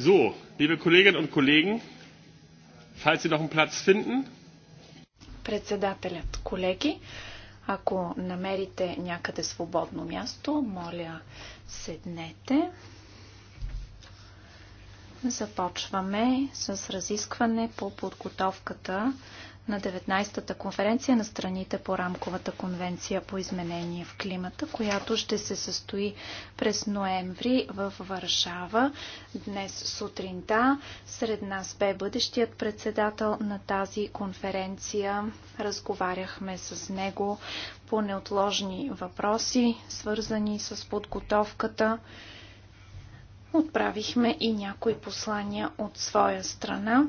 So, liebe Kolleginnen und Kollegen, falls Sie noch einen Platz finden. Председателят, колеги, ако намерите някъде свободно място, моля, седнете. Започваме с разискване по подготовката на 19-та конференция на страните по рамковата конвенция по изменение в климата, която ще се състои през ноември в Варшава. Днес сутринта сред нас бе бъдещият председател на тази конференция. Разговаряхме с него по неотложни въпроси, свързани с подготовката. Отправихме и някои послания от своя страна.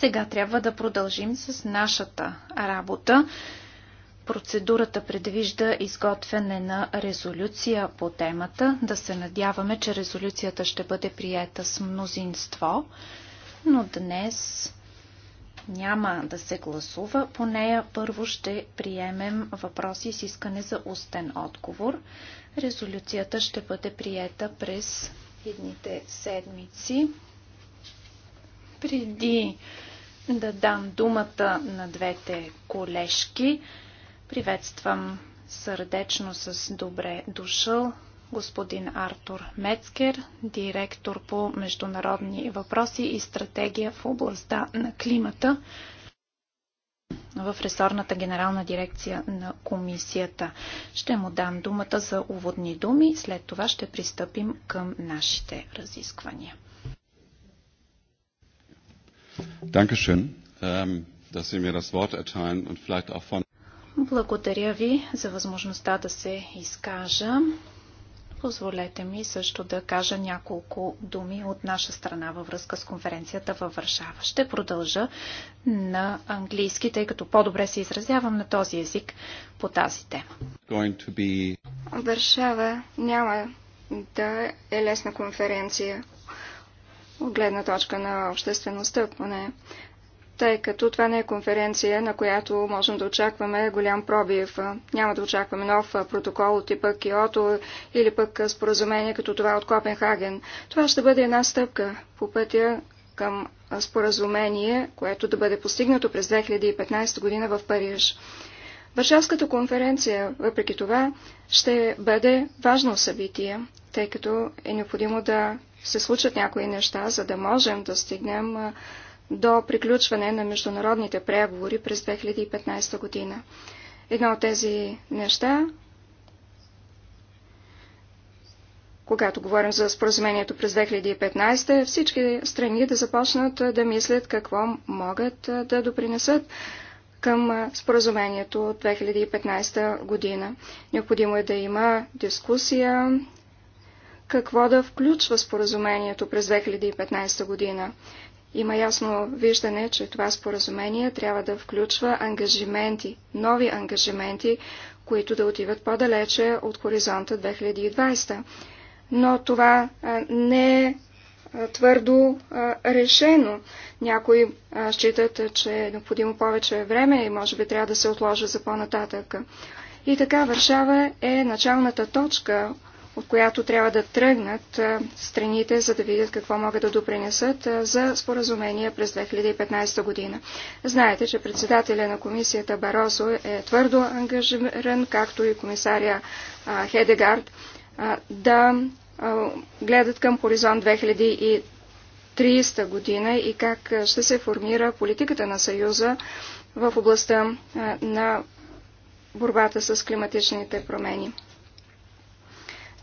Сега трябва да продължим с нашата работа. Процедурата предвижда изготвяне на резолюция по темата. Да се надяваме, че резолюцията ще бъде приета с мнозинство, но днес няма да се гласува. По нея първо ще приемем въпроси с искане за устен отговор. Резолюцията ще бъде приета през едните седмици. Преди да дам думата на двете колежки. Приветствам сърдечно с добре дошъл господин Артур Мецкер, директор по международни въпроси и стратегия в областта на климата в ресорната генерална дирекция на комисията. Ще му дам думата за уводни думи, след това ще пристъпим към нашите разисквания. Dankeschön, ähm, dass Sie mir das Wort erteilen und vielleicht auch von благодаря ви за възможността да се изкажа. Позволете ми също да кажа няколко думи от наша страна във връзка с конференцията във Варшава. Ще продължа на английски, тъй като по-добре се изразявам на този език по тази тема. Варшава няма да е лесна конференция от гледна точка на обществеността, поне тъй като това не е конференция, на която можем да очакваме голям пробив. Няма да очакваме нов протокол от типа Киото или пък споразумение като това от Копенхаген. Това ще бъде една стъпка по пътя към споразумение, което да бъде постигнато през 2015 година в Париж. Варшавската конференция, въпреки това, ще бъде важно събитие, тъй като е необходимо да се случат някои неща, за да можем да стигнем до приключване на международните преговори през 2015 година. Едно от тези неща, когато говорим за споразумението през 2015, е всички страни да започнат да мислят какво могат да допринесат към споразумението от 2015 година. Необходимо е да има дискусия, какво да включва споразумението през 2015 година. Има ясно виждане, че това споразумение трябва да включва ангажименти, нови ангажименти, които да отиват по-далече от хоризонта 2020. Но това не е твърдо решено. Някои считат, че е необходимо повече време и може би трябва да се отложи за по-нататък. И така Варшава е началната точка от която трябва да тръгнат страните, за да видят какво могат да допринесат за споразумение през 2015 година. Знаете, че председателя на комисията Баросо е твърдо ангажиран, както и комисаря Хедегард, да гледат към хоризонт 2030 година и как ще се формира политиката на Съюза в областта на борбата с климатичните промени.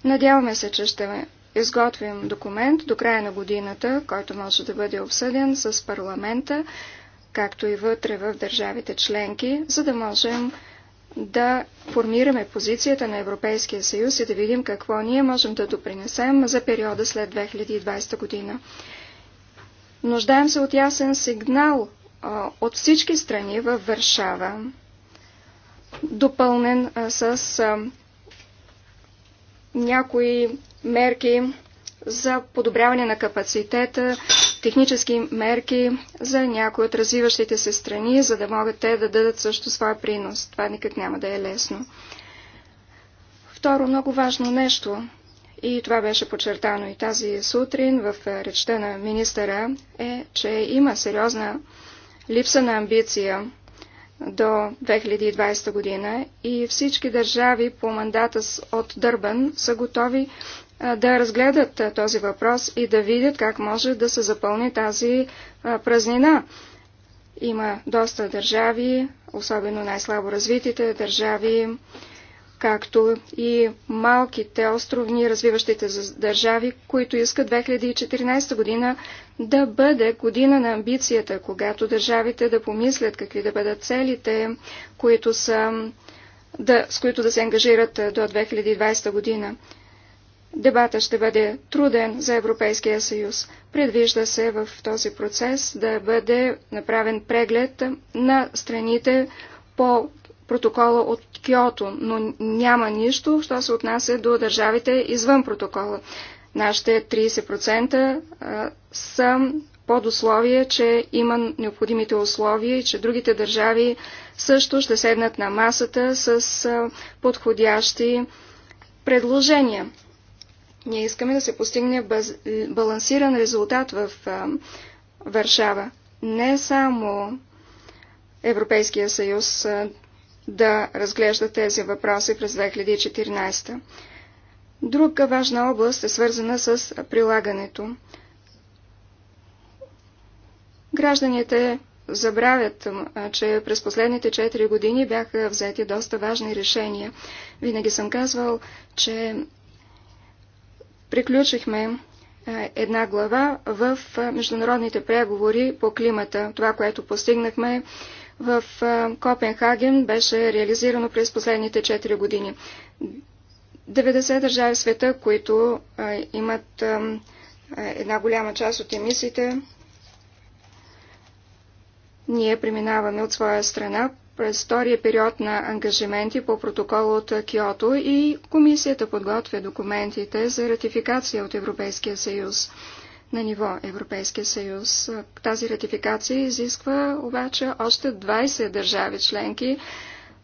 Надяваме се, че ще изготвим документ до края на годината, който може да бъде обсъден с парламента, както и вътре в държавите членки, за да можем да формираме позицията на Европейския съюз и да видим какво ние можем да допринесем за периода след 2020 година. Нуждаем се от ясен сигнал от всички страни във Варшава, допълнен с някои мерки за подобряване на капацитета, технически мерки за някои от развиващите се страни, за да могат те да дадат също своя принос. Това никак няма да е лесно. Второ, много важно нещо, и това беше подчертано и тази сутрин в е, речта на министъра, е, че има сериозна липса на амбиция до 2020 година и всички държави по мандата от Дърбан са готови да разгледат този въпрос и да видят как може да се запълни тази празнина. Има доста държави, особено най-слабо развитите държави, както и малките островни развиващите държави, които искат 2014 година да бъде година на амбицията, когато държавите да помислят какви да бъдат целите, които са, да, с които да се ангажират до 2020 година. Дебата ще бъде труден за Европейския съюз. Предвижда се в този процес да бъде направен преглед на страните по протокола от Киото, но няма нищо, що се отнася до държавите извън протокола. Нашите 30% са под условие, че има необходимите условия и че другите държави също ще седнат на масата с подходящи предложения. Ние искаме да се постигне балансиран резултат в Варшава. Не само Европейския съюз да разглежда тези въпроси през 2014. Друга важна област е свързана с прилагането. Гражданите забравят, че през последните 4 години бяха взети доста важни решения. Винаги съм казвал, че приключихме една глава в международните преговори по климата. Това, което постигнахме в Копенхаген, беше реализирано през последните 4 години. 90 държави в света, които а, имат а, една голяма част от емисиите. Ние преминаваме от своя страна през втория период на ангажименти по протокол от Киото и комисията подготвя документите за ратификация от Европейския съюз на ниво Европейския съюз. Тази ратификация изисква обаче още 20 държави членки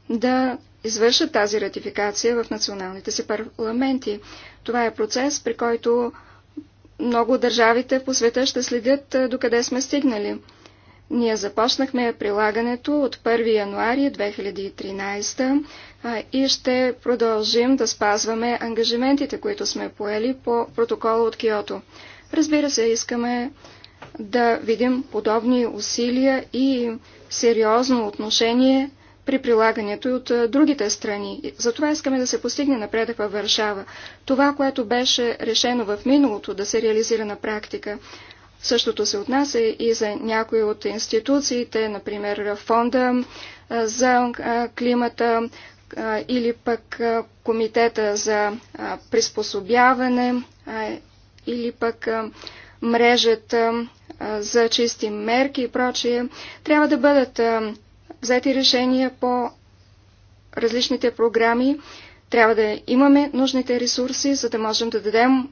да извършат тази ратификация в националните си парламенти. Това е процес, при който много държавите по света ще следят докъде сме стигнали. Ние започнахме прилагането от 1 януари 2013 и ще продължим да спазваме ангажиментите, които сме поели по протокола от Киото. Разбира се, искаме да видим подобни усилия и сериозно отношение при прилагането и от другите страни. Затова искаме да се постигне напредък във Варшава. Това, което беше решено в миналото да се реализира на практика. Същото се отнася и за някои от институциите, например фонда за климата или пък комитета за приспособяване или пък мрежата за чисти мерки и прочие, трябва да бъдат взети решения по различните програми. Трябва да имаме нужните ресурси, за да можем да дадем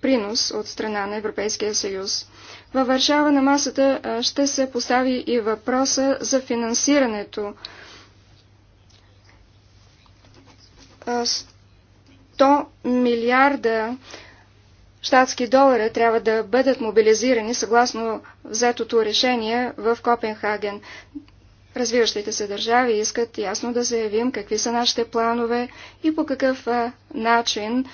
принос от страна на Европейския съюз. Във Варшава на масата ще се постави и въпроса за финансирането. 100 милиарда щатски долара трябва да бъдат мобилизирани съгласно взетото решение в Копенхаген. Развиващите се държави искат ясно да заявим какви са нашите планове и по какъв начин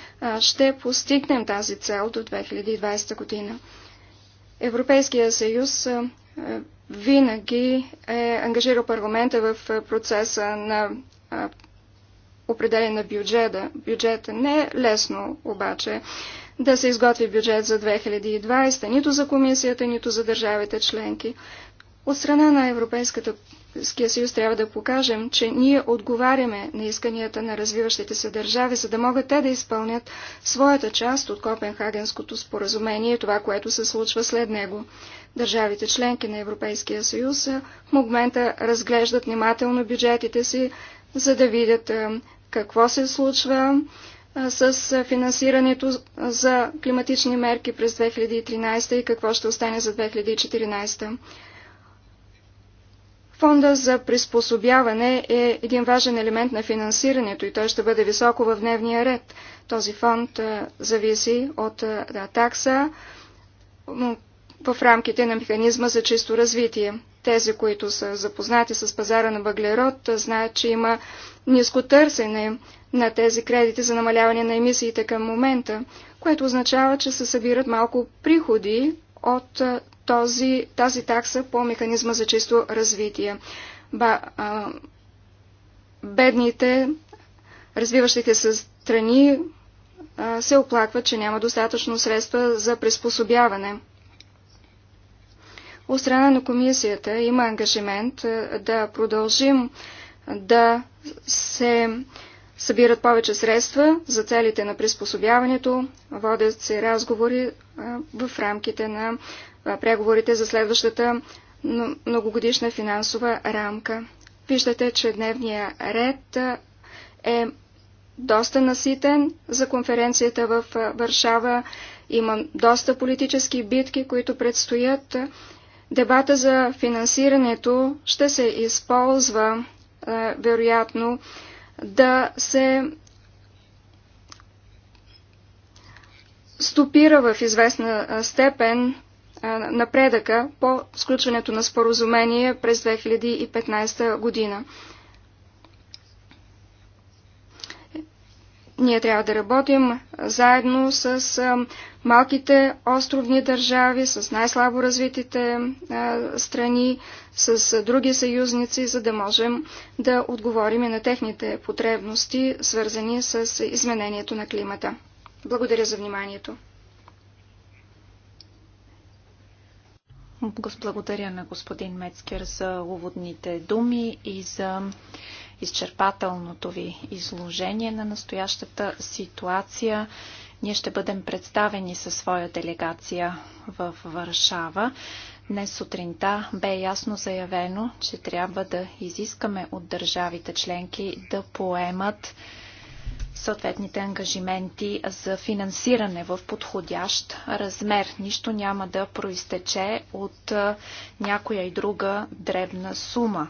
ще постигнем тази цел до 2020 година. Европейския съюз винаги е ангажирал парламента в процеса на определен на бюджета. бюджета. Не е лесно обаче да се изготви бюджет за 2020, нито за комисията, нито за държавите членки. От страна на Европейската Европейския съюз трябва да покажем, че ние отговаряме на исканията на развиващите се държави, за да могат те да изпълнят своята част от Копенхагенското споразумение това, което се случва след него. Държавите членки на Европейския съюз в момента разглеждат внимателно бюджетите си, за да видят какво се случва с финансирането за климатични мерки през 2013 и какво ще остане за 2014. Фонда за приспособяване е един важен елемент на финансирането и той ще бъде високо в дневния ред. Този фонд зависи от такса в рамките на механизма за чисто развитие. Тези, които са запознати с пазара на въглерод, знаят, че има ниско търсене на тези кредити за намаляване на емисиите към момента, което означава, че се събират малко приходи от този, тази такса по механизма за чисто развитие. Ба, а, бедните, развиващите се страни се оплакват, че няма достатъчно средства за приспособяване. От страна на комисията има ангажимент да продължим да се събират повече средства за целите на приспособяването, водят се разговори в рамките на преговорите за следващата многогодишна финансова рамка. Виждате, че дневния ред е доста наситен за конференцията в Варшава. Има доста политически битки, които предстоят. Дебата за финансирането ще се използва вероятно да се стопира в известна степен напредъка по сключването на споразумение през 2015 година. Ние трябва да работим заедно с малките островни държави, с най-слабо развитите страни, с други съюзници, за да можем да отговорим на техните потребности, свързани с изменението на климата. Благодаря за вниманието. Благодаря на господин Мецкер за уводните думи и за изчерпателното ви изложение на настоящата ситуация. Ние ще бъдем представени със своя делегация в Варшава. Днес сутринта бе ясно заявено, че трябва да изискаме от държавите членки да поемат съответните ангажименти за финансиране в подходящ размер. Нищо няма да проистече от някоя и друга дребна сума.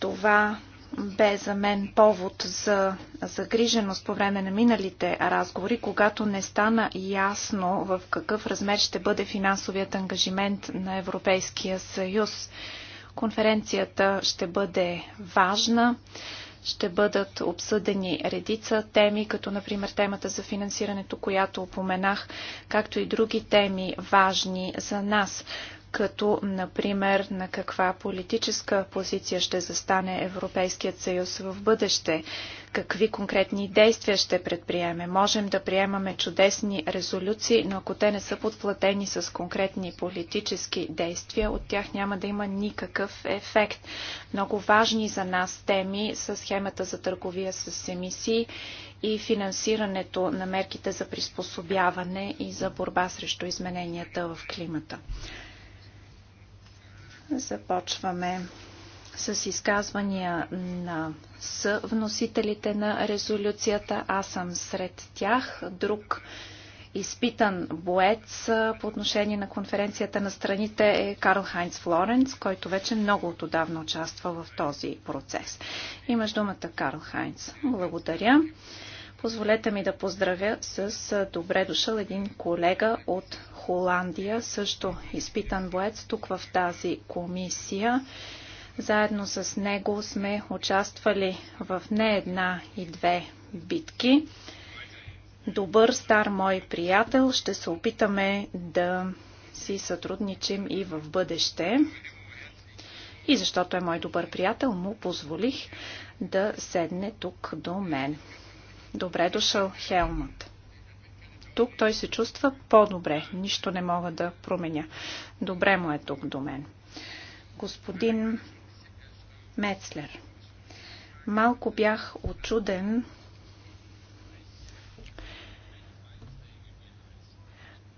Това бе за мен повод за загриженост по време на миналите разговори, когато не стана ясно в какъв размер ще бъде финансовият ангажимент на Европейския съюз. Конференцията ще бъде важна. Ще бъдат обсъдени редица теми, като например темата за финансирането, която упоменах, както и други теми важни за нас като например на каква политическа позиция ще застане Европейският съюз в бъдеще, какви конкретни действия ще предприеме. Можем да приемаме чудесни резолюции, но ако те не са подплатени с конкретни политически действия, от тях няма да има никакъв ефект. Много важни за нас теми са схемата за търговия с емисии и финансирането на мерките за приспособяване и за борба срещу измененията в климата. Започваме с изказвания на с вносителите на резолюцията. Аз съм сред тях. Друг изпитан боец по отношение на конференцията на страните е Карл Хайнц Флоренц, който вече много отдавна участва в този процес. Имаш думата, Карл Хайнц. Благодаря. Позволете ми да поздравя с добре дошъл един колега от Холандия, също изпитан боец тук в тази комисия. Заедно с него сме участвали в не една и две битки. Добър стар мой приятел, ще се опитаме да си сътрудничим и в бъдеще. И защото е мой добър приятел, му позволих да седне тук до мен. Добре дошъл, Хелмът. Тук той се чувства по-добре. Нищо не мога да променя. Добре му е тук до мен. Господин Мецлер. Малко бях очуден,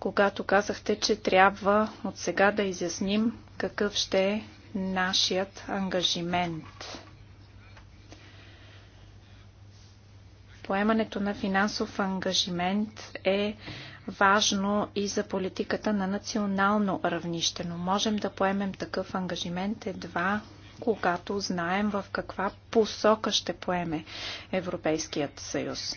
когато казахте, че трябва от сега да изясним какъв ще е нашият ангажимент. Поемането на финансов ангажимент е важно и за политиката на национално равнище, но можем да поемем такъв ангажимент едва когато знаем в каква посока ще поеме Европейският съюз.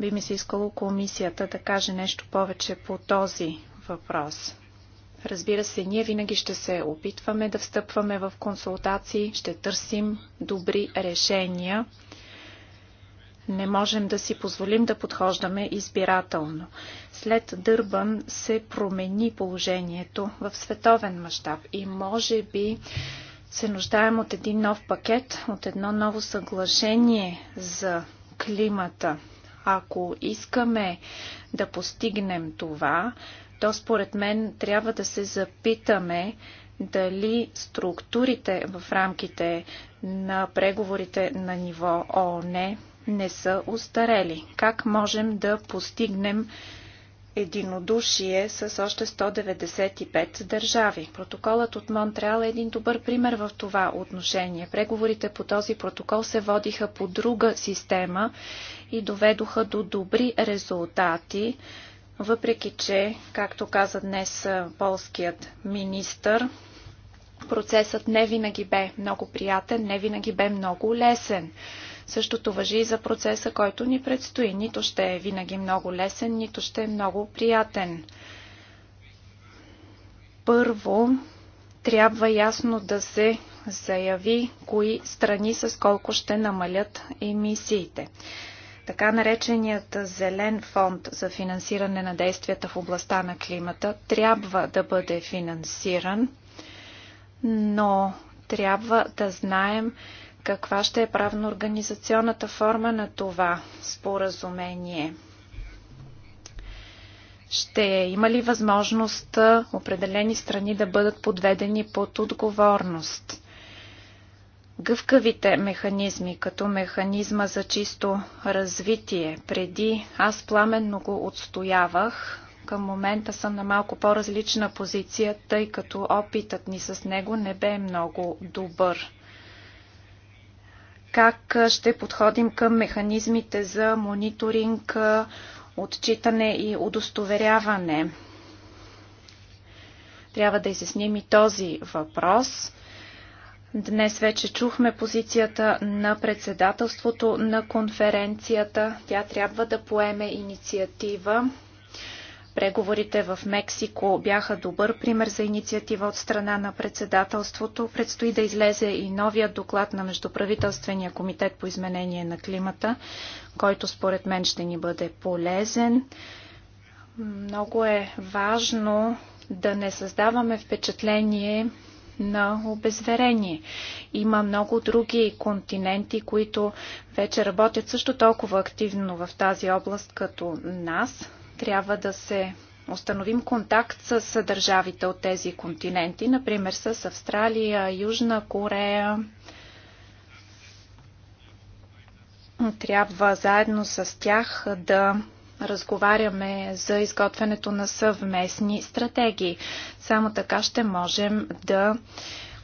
Би ми се искало комисията да каже нещо повече по този въпрос. Разбира се, ние винаги ще се опитваме да встъпваме в консултации, ще търсим добри решения. Не можем да си позволим да подхождаме избирателно. След Дърбан се промени положението в световен мащаб и може би се нуждаем от един нов пакет, от едно ново съглашение за климата. Ако искаме да постигнем това, то според мен трябва да се запитаме дали структурите в рамките на преговорите на ниво ООН не са устарели. Как можем да постигнем единодушие с още 195 държави. Протоколът от Монтреал е един добър пример в това отношение. Преговорите по този протокол се водиха по друга система и доведоха до добри резултати, въпреки че, както каза днес полският министр, процесът не винаги бе много приятен, не винаги бе много лесен. Същото въжи и за процеса, който ни предстои. Нито ще е винаги много лесен, нито ще е много приятен. Първо, трябва ясно да се заяви кои страни с колко ще намалят емисиите. Така нареченият зелен фонд за финансиране на действията в областта на климата трябва да бъде финансиран, но трябва да знаем, каква ще е правно-организационната форма на това споразумение? Ще има ли възможност определени страни да бъдат подведени под отговорност? Гъвкавите механизми, като механизма за чисто развитие, преди аз пламенно го отстоявах, към момента съм на малко по-различна позиция, тъй като опитът ни с него не бе много добър как ще подходим към механизмите за мониторинг, отчитане и удостоверяване. Трябва да изясним и този въпрос. Днес вече чухме позицията на председателството на конференцията. Тя трябва да поеме инициатива Преговорите в Мексико бяха добър пример за инициатива от страна на председателството. Предстои да излезе и новият доклад на Междуправителствения комитет по изменение на климата, който според мен ще ни бъде полезен. Много е важно да не създаваме впечатление на обезверение. Има много други континенти, които вече работят също толкова активно в тази област като нас. Трябва да се установим контакт с държавите от тези континенти, например с Австралия, Южна Корея. Трябва заедно с тях да разговаряме за изготвянето на съвместни стратегии. Само така ще можем да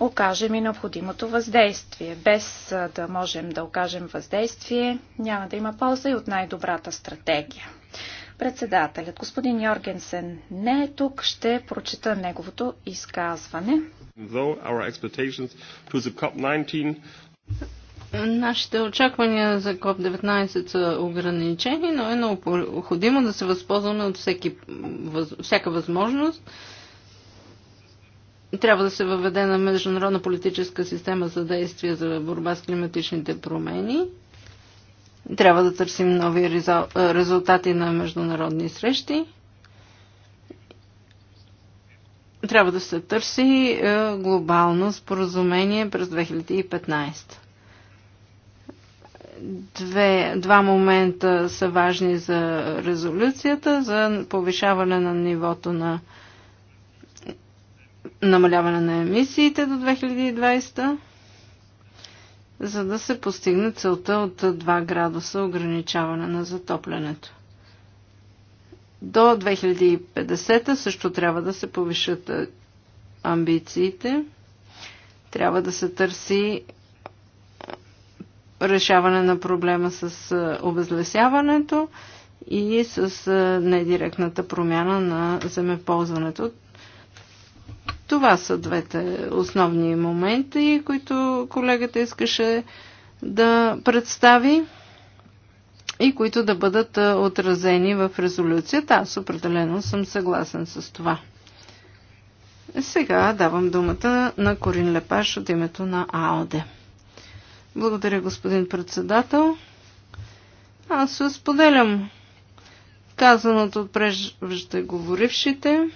окажем и необходимото въздействие. Без да можем да окажем въздействие, няма да има полза и от най-добрата стратегия. Председателят, господин Йоргенсен, не е тук. Ще прочита неговото изказване. Нашите очаквания за КОП-19 са ограничени, но е необходимо да се възползваме от всеки, въз, всяка възможност. Трябва да се въведе на международна политическа система за действие за борба с климатичните промени. Трябва да търсим нови резултати на международни срещи. Трябва да се търси е, глобално споразумение през 2015 две, два момента са важни за резолюцията, за повишаване на нивото на намаляване на емисиите до 2020 за да се постигне целта от 2 градуса ограничаване на затоплянето. До 2050 също трябва да се повишат е, амбициите. Трябва да се търси е, решаване на проблема с е, обезлесяването и с недиректната промяна на земеползването. Това са двете основни моменти, които колегата искаше да представи и които да бъдат отразени в резолюцията. Аз определено съм съгласен с това. Сега давам думата на Корин Лепаш от името на АОД. Благодаря, господин председател. Аз споделям казаното от преждеговорившите. говорившите.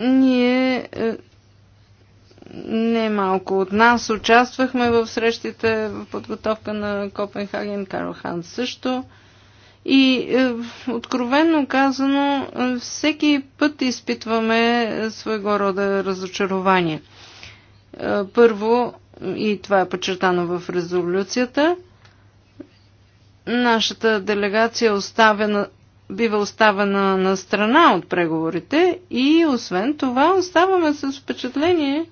Ние е, не малко от нас участвахме в срещите в подготовка на Копенхаген, Карл Хан също. И е, откровенно казано, е, всеки път изпитваме своего рода разочарование. Първо, и това е подчертано в резолюцията, нашата делегация оставена, бива оставена на страна от преговорите и освен това оставаме с впечатление,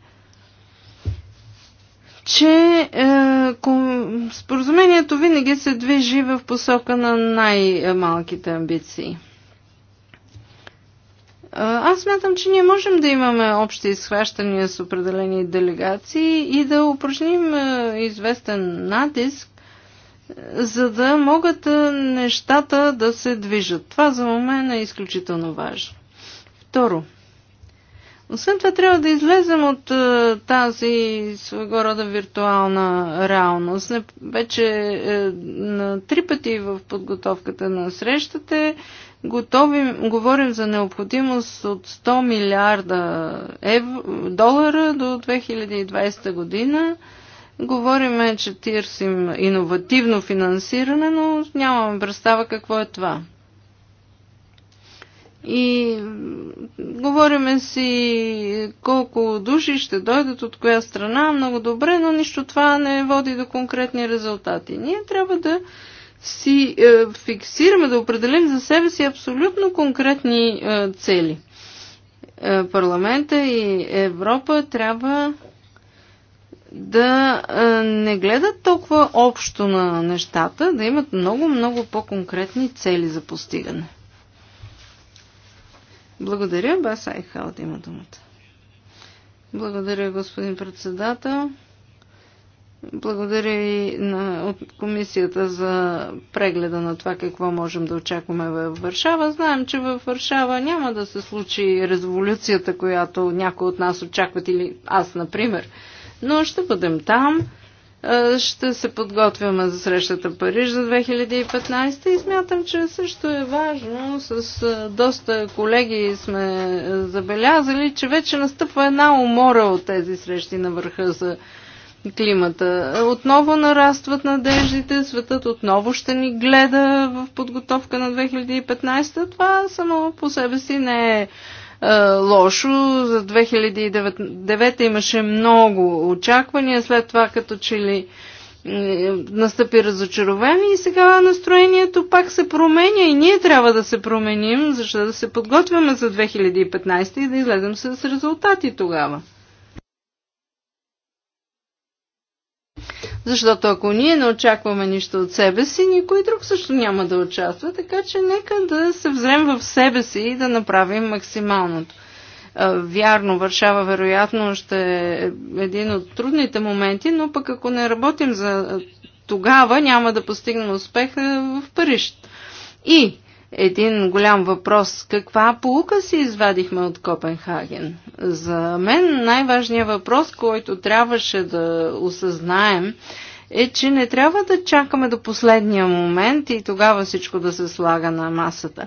че е, ком, споразумението винаги се движи в посока на най-малките амбиции. Е, аз смятам, че ние можем да имаме общи изхващания с определени делегации и да упражним е, известен натиск за да могат нещата да се движат. Това за мен е изключително важно. Второ, освен това трябва да излезем от тази своего рода виртуална реалност. вече е, на три пъти в подготовката на срещата готовим, говорим за необходимост от 100 милиарда долара до 2020 година. Говориме, че търсим иновативно финансиране, но нямаме представа какво е това. И говориме си колко души ще дойдат от коя страна, много добре, но нищо това не води до конкретни резултати. Ние трябва да си е, фиксираме, да определим за себе си абсолютно конкретни е, цели. Е, парламента и Европа трябва да не гледат толкова общо на нещата, да имат много-много по-конкретни цели за постигане. Благодаря, Бас Айхалт има думата. Благодаря, господин председател. Благодаря и на, от комисията за прегледа на това какво можем да очакваме в Варшава. Знаем, че в Варшава няма да се случи революцията, която някой от нас очакват или аз, например но ще бъдем там. Ще се подготвяме за срещата Париж за 2015 и смятам, че също е важно. С доста колеги сме забелязали, че вече настъпва една умора от тези срещи на върха за климата. Отново нарастват надеждите, светът отново ще ни гледа в подготовка на 2015. Това само по себе си не е е, лошо. За 2009 имаше много очаквания, след това като че ли настъпи разочарование и сега настроението пак се променя и ние трябва да се променим, защото да се подготвяме за 2015 и да излезем с резултати тогава. Защото ако ние не очакваме нищо от себе си, никой друг също няма да участва, така че нека да се взрем в себе си и да направим максималното. Вярно, Варшава вероятно ще е един от трудните моменти, но пък ако не работим за тогава, няма да постигнем успеха в Париж. И един голям въпрос. Каква полука си извадихме от Копенхаген? За мен най-важният въпрос, който трябваше да осъзнаем, е, че не трябва да чакаме до последния момент и тогава всичко да се слага на масата.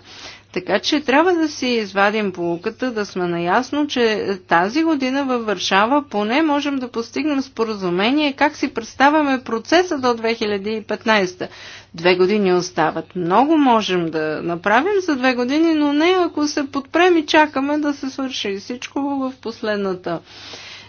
Така че трябва да си извадим полуката, да сме наясно, че тази година във Варшава поне можем да постигнем споразумение как си представяме процеса до 2015. Две години остават. Много можем да направим за две години, но не ако се подпрем и чакаме да се свърши всичко в последната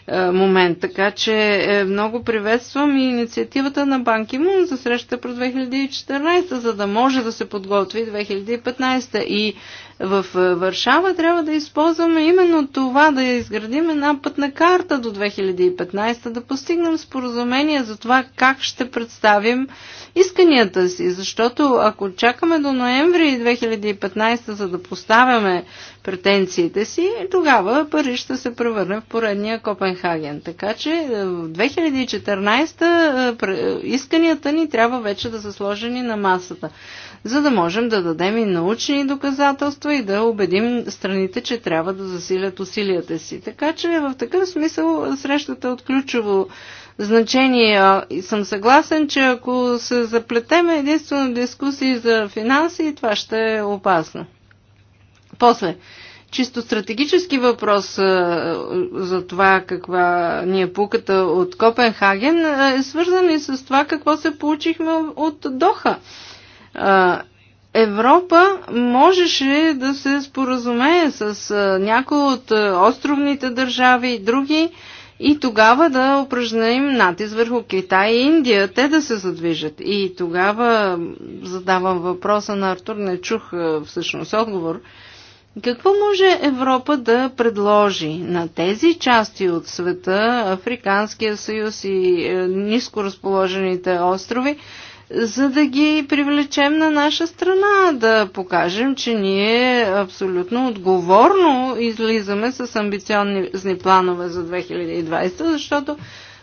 е, момент. Така че е, много приветствам и инициативата на Банки Мун за срещата през 2014, за да може да се подготви 2015. И в е, Варшава трябва да използваме именно това, да изградим една пътна карта до 2015, да постигнем споразумение за това как ще представим исканията си. Защото ако чакаме до ноември 2015, за да поставяме претенциите си, тогава Париж ще се превърне в поредния Копенхаген. Така че е, в 2014 е, исканията ни трябва вече да са сложени на масата, за да можем да дадем и научни доказателства, партньорство и да убедим страните, че трябва да засилят усилията си. Така че в такъв смисъл срещата е от ключово значение и съм съгласен, че ако се заплетеме единствено дискусии за финанси, това ще е опасно. После, чисто стратегически въпрос за това каква ни е пуката от Копенхаген е свързан и с това какво се получихме от Доха. Европа можеше да се споразумее с някои от островните държави и други и тогава да упражним натиск върху Китай и Индия, те да се задвижат. И тогава задавам въпроса на Артур, не чух всъщност отговор. Какво може Европа да предложи на тези части от света, Африканския съюз и е, ниско разположените острови, за да ги привлечем на наша страна, да покажем, че ние абсолютно отговорно излизаме с амбициозни планове за 2020, защото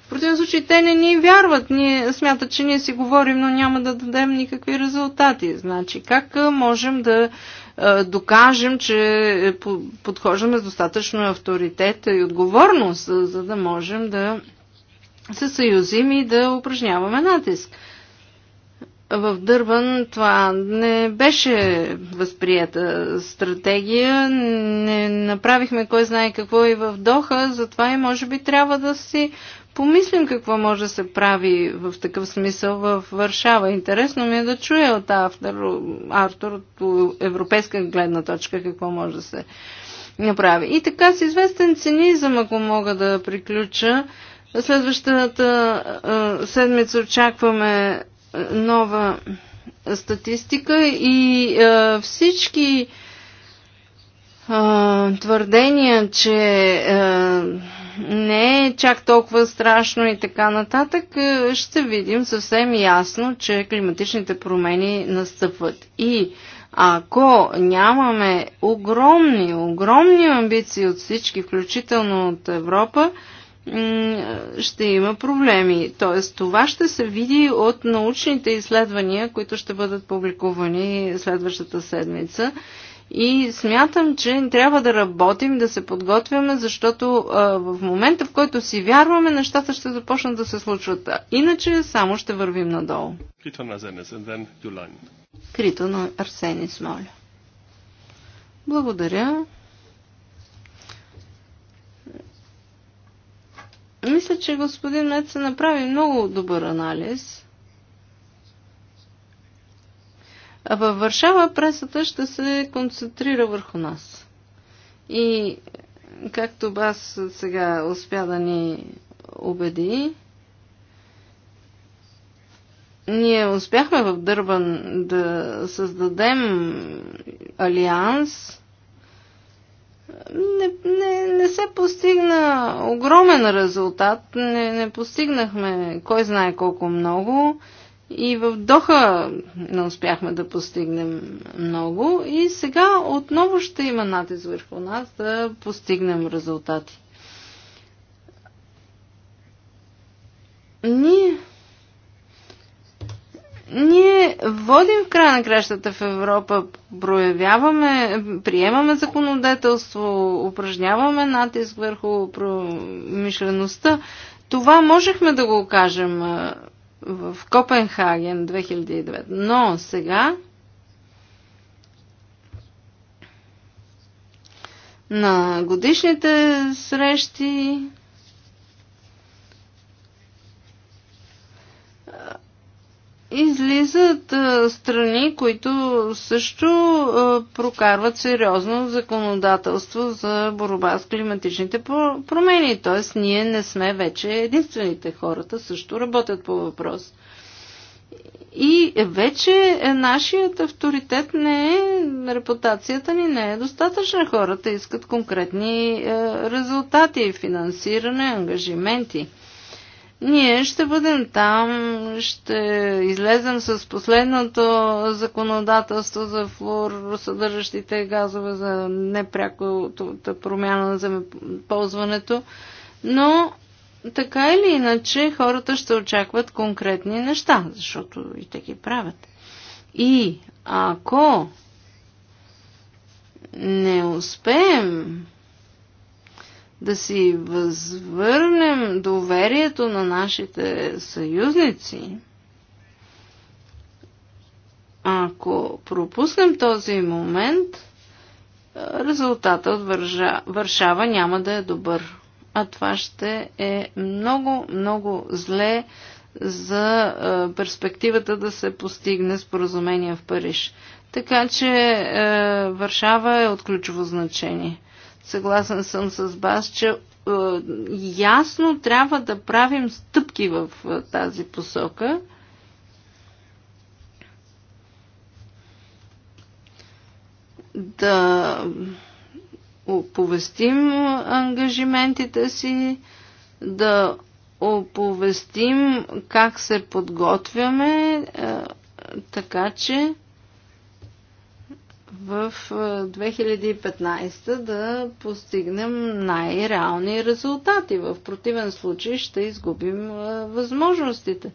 в противен случай те не ни вярват, ние смятат, че ние си говорим, но няма да дадем никакви резултати. Значи, как можем да докажем, че подхождаме с достатъчно авторитет и отговорност, за да можем да се съюзим и да упражняваме натиск в Дърбан това не беше възприета стратегия. Не направихме кой знае какво и в Доха, затова и може би трябва да си помислим какво може да се прави в такъв смисъл в Варшава. Интересно ми е да чуя от автор, Артур, от европейска гледна точка какво може да се направи. И така с известен цинизъм, ако мога да приключа, Следващата седмица очакваме нова статистика и а, всички а, твърдения, че а, не е чак толкова страшно и така нататък, ще видим съвсем ясно, че климатичните промени настъпват. И ако нямаме огромни, огромни амбиции от всички, включително от Европа, ще има проблеми. Тоест, това ще се види от научните изследвания, които ще бъдат публикувани следващата седмица. И смятам, че трябва да работим, да се подготвяме, защото а, в момента, в който си вярваме, нещата ще започнат да се случват. А иначе само ще вървим надолу. Крито на Крито на Арсенис, моля. Благодаря. Мисля, че господин Меца направи много добър анализ. А във Варшава пресата ще се концентрира върху нас. И както Бас сега успя да ни убеди, ние успяхме в Дърбан да създадем алианс, не, не, не се постигна огромен резултат, не, не постигнахме кой знае колко много и в Доха не успяхме да постигнем много и сега отново ще има натиск върху нас да постигнем резултати. Ние ние водим в края на кращата в Европа, проявяваме, приемаме законодателство, упражняваме натиск върху промишлеността. Това можехме да го кажем в Копенхаген 2009. Но сега на годишните срещи излизат а, страни, които също а, прокарват сериозно законодателство за борба с климатичните промени. Т.е. ние не сме вече единствените. Хората също работят по въпрос. И вече нашият авторитет не е, репутацията ни не е достатъчна. Хората искат конкретни е, резултати, финансиране, ангажименти. Ние ще бъдем там, ще излезем с последното законодателство за флор, съдържащите газове за непрякото промяна на ползването, но така или иначе хората ще очакват конкретни неща, защото и те ги правят. И ако не успеем да си възвърнем доверието на нашите съюзници, ако пропуснем този момент, резултата от вършава няма да е добър. А това ще е много, много зле за перспективата да се постигне споразумение в Париж. Така че е, Варшава е от ключово значение. Съгласен съм с вас, че е, ясно трябва да правим стъпки в е, тази посока. Да оповестим ангажиментите си, да оповестим как се подготвяме, е, така че в 2015 да постигнем най-реални резултати. В противен случай ще изгубим възможностите.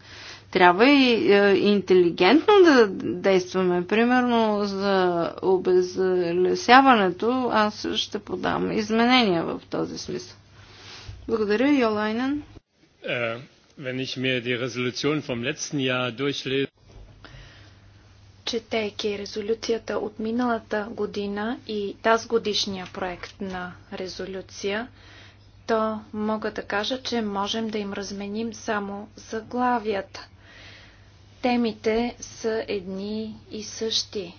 Трябва и интелигентно да действаме. Примерно за обезлесяването аз ще подам изменения в този смисъл. Благодаря, Йолайнен. Е, Wenn ich mir die Resolution vom letzten Jahr durchlese, четейки резолюцията от миналата година и тази годишния проект на резолюция, то мога да кажа, че можем да им разменим само заглавията. Темите са едни и същи.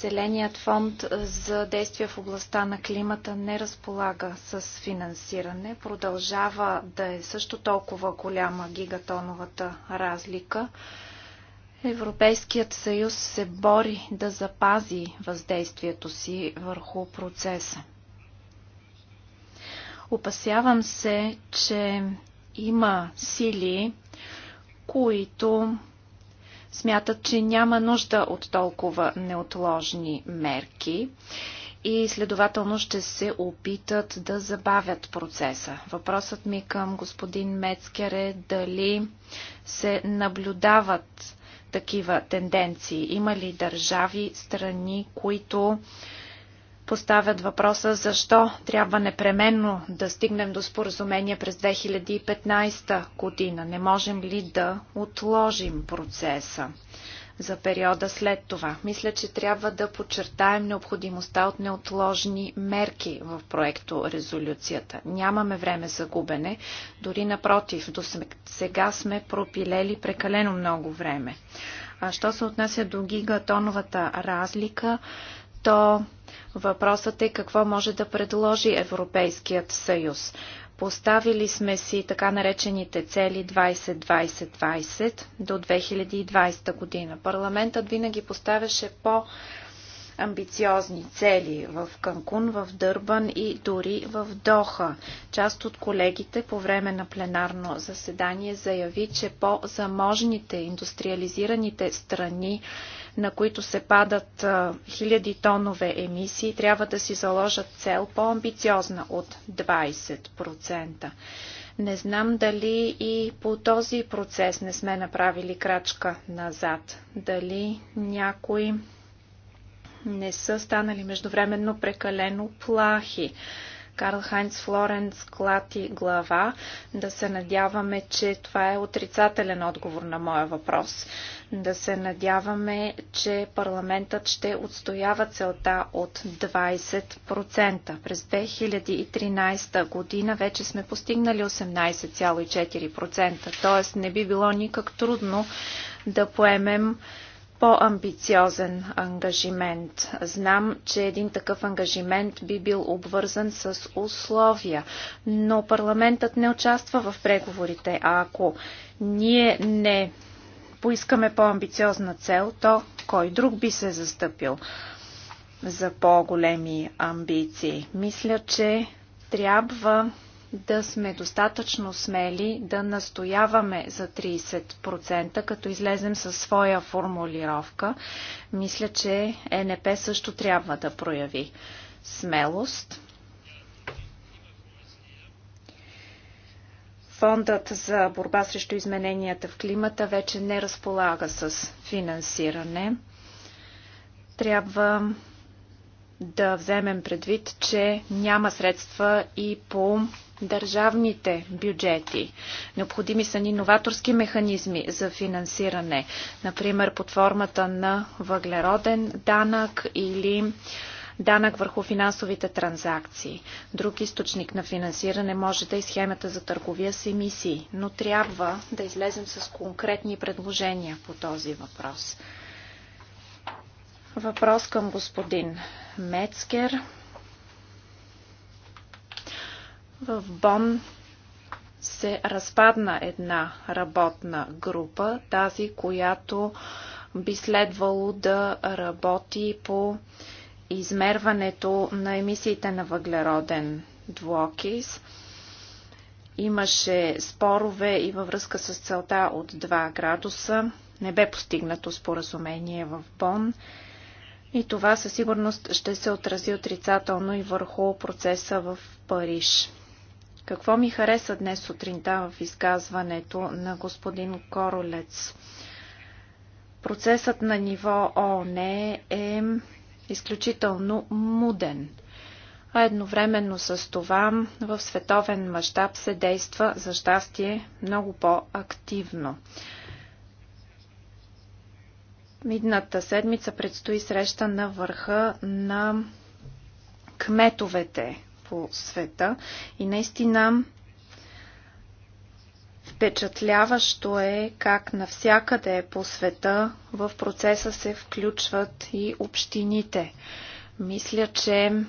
Зеленият фонд за действия в областта на климата не разполага с финансиране. Продължава да е също толкова голяма гигатоновата разлика. Европейският съюз се бори да запази въздействието си върху процеса. Опасявам се, че има сили, които смятат, че няма нужда от толкова неотложни мерки и следователно ще се опитат да забавят процеса. Въпросът ми към господин Мецкер е дали се наблюдават такива тенденции? Има ли държави, страни, които поставят въпроса защо трябва непременно да стигнем до споразумение през 2015 година? Не можем ли да отложим процеса? за периода след това. Мисля, че трябва да подчертаем необходимостта от неотложни мерки в проекто резолюцията. Нямаме време за губене, дори напротив, до сега сме пропилели прекалено много време. А що се отнася до гигатоновата разлика, то въпросът е какво може да предложи Европейският съюз. Поставили сме си така наречените цели 20-20-20 до 2020 година. Парламентът винаги поставяше по- амбициозни цели в Канкун, в Дърбан и дори в Доха. Част от колегите по време на пленарно заседание заяви, че по-заможните индустриализираните страни на които се падат а, хиляди тонове емисии, трябва да си заложат цел по-амбициозна от 20%. Не знам дали и по този процес не сме направили крачка назад. Дали някои не са станали междувременно прекалено плахи. Карл Хайнц Флоренц клати глава. Да се надяваме, че това е отрицателен отговор на моя въпрос. Да се надяваме, че парламентът ще отстоява целта от 20%. През 2013 година вече сме постигнали 18,4%, т.е. не би било никак трудно да поемем по-амбициозен ангажимент. Знам, че един такъв ангажимент би бил обвързан с условия, но парламентът не участва в преговорите, а ако ние не поискаме по-амбициозна цел, то кой друг би се застъпил за по-големи амбиции? Мисля, че трябва да сме достатъчно смели да настояваме за 30%, като излезем със своя формулировка. Мисля, че ЕНП също трябва да прояви смелост. Фондът за борба срещу измененията в климата вече не разполага с финансиране. Трябва да вземем предвид, че няма средства и по държавните бюджети. Необходими са ни новаторски механизми за финансиране, например под формата на въглероден данък или данък върху финансовите транзакции. Друг източник на финансиране може да е схемата за търговия с емисии, но трябва да излезем с конкретни предложения по този въпрос. Въпрос към господин Мецкер. В Бон се разпадна една работна група, тази, която би следвало да работи по измерването на емисиите на въглероден двуокис. Имаше спорове и във връзка с целта от 2 градуса. Не бе постигнато споразумение в Бон. И това със сигурност ще се отрази отрицателно и върху процеса в Париж. Какво ми хареса днес сутринта в изказването на господин Королец? Процесът на ниво ООН е изключително муден. А едновременно с това в световен мащаб се действа за щастие много по-активно. Мидната седмица предстои среща на върха на кметовете по света и наистина Впечатляващо е как навсякъде по света в процеса се включват и общините. Мисля, че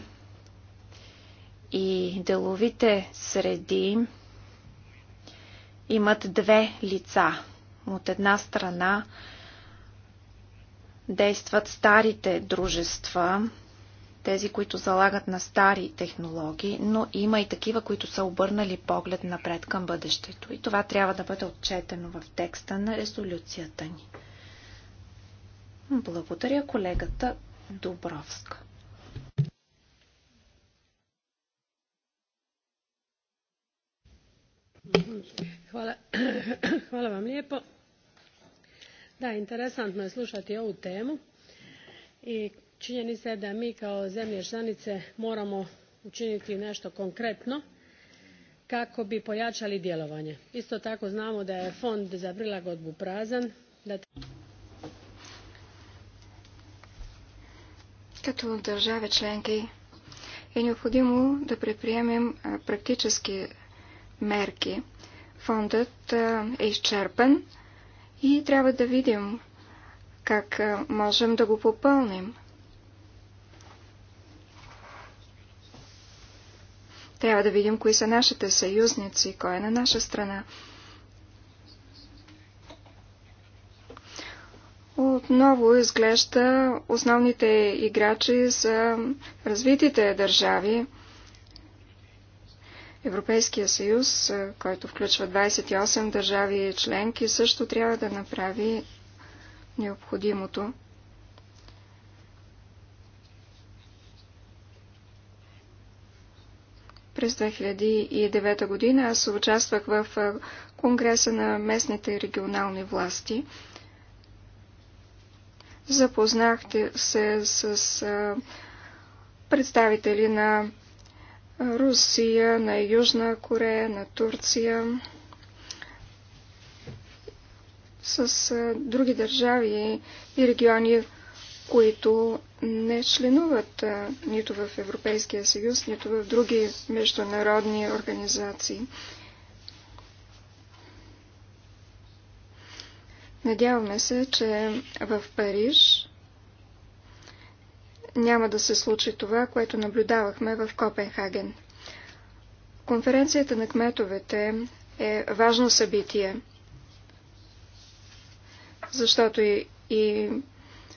и деловите среди имат две лица. От една страна действат старите дружества, тези, които залагат на стари технологии, но има и такива, които са обърнали поглед напред към бъдещето. И това трябва да бъде отчетено в текста на резолюцията ни. Благодаря колегата Добровска. Hvala, hvala vam lijepo. Da, interesantno je slušati ovu temu i činjenica je da mi kao zemlje članice moramo učiniti nešto konkretno kako bi pojačali djelovanje. Isto tako znamo da je fond za prilagodbu prazan. Da... Като държави членки е необходимо да предприемем практически мерки. Фондът е и трябва да видим как можем да го попълним. Трябва да видим кои са нашите съюзници, кой е на наша страна. Отново изглежда основните играчи за развитите държави. Европейския съюз, е, който включва 28 държави и членки, също трябва да направи необходимото. През 2009 година аз участвах в е, Конгреса на местните и регионални власти. Запознахте се с е, представители на Русия, на Южна Корея, на Турция, с други държави и региони, които не членуват нито в Европейския съюз, нито в други международни организации. Надяваме се, че в Париж няма да се случи това, което наблюдавахме в Копенхаген. Конференцията на кметовете е важно събитие, защото и, и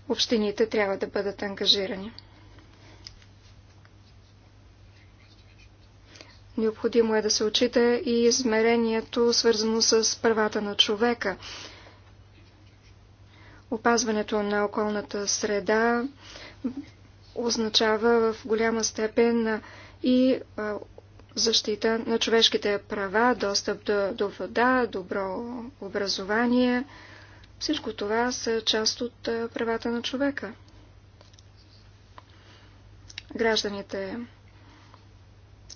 общините трябва да бъдат ангажирани. Необходимо е да се отчита и измерението, свързано с правата на човека. Опазването на околната среда означава в голяма степен и защита на човешките права, достъп до, до вода, добро образование. Всичко това са част от правата на човека. Гражданите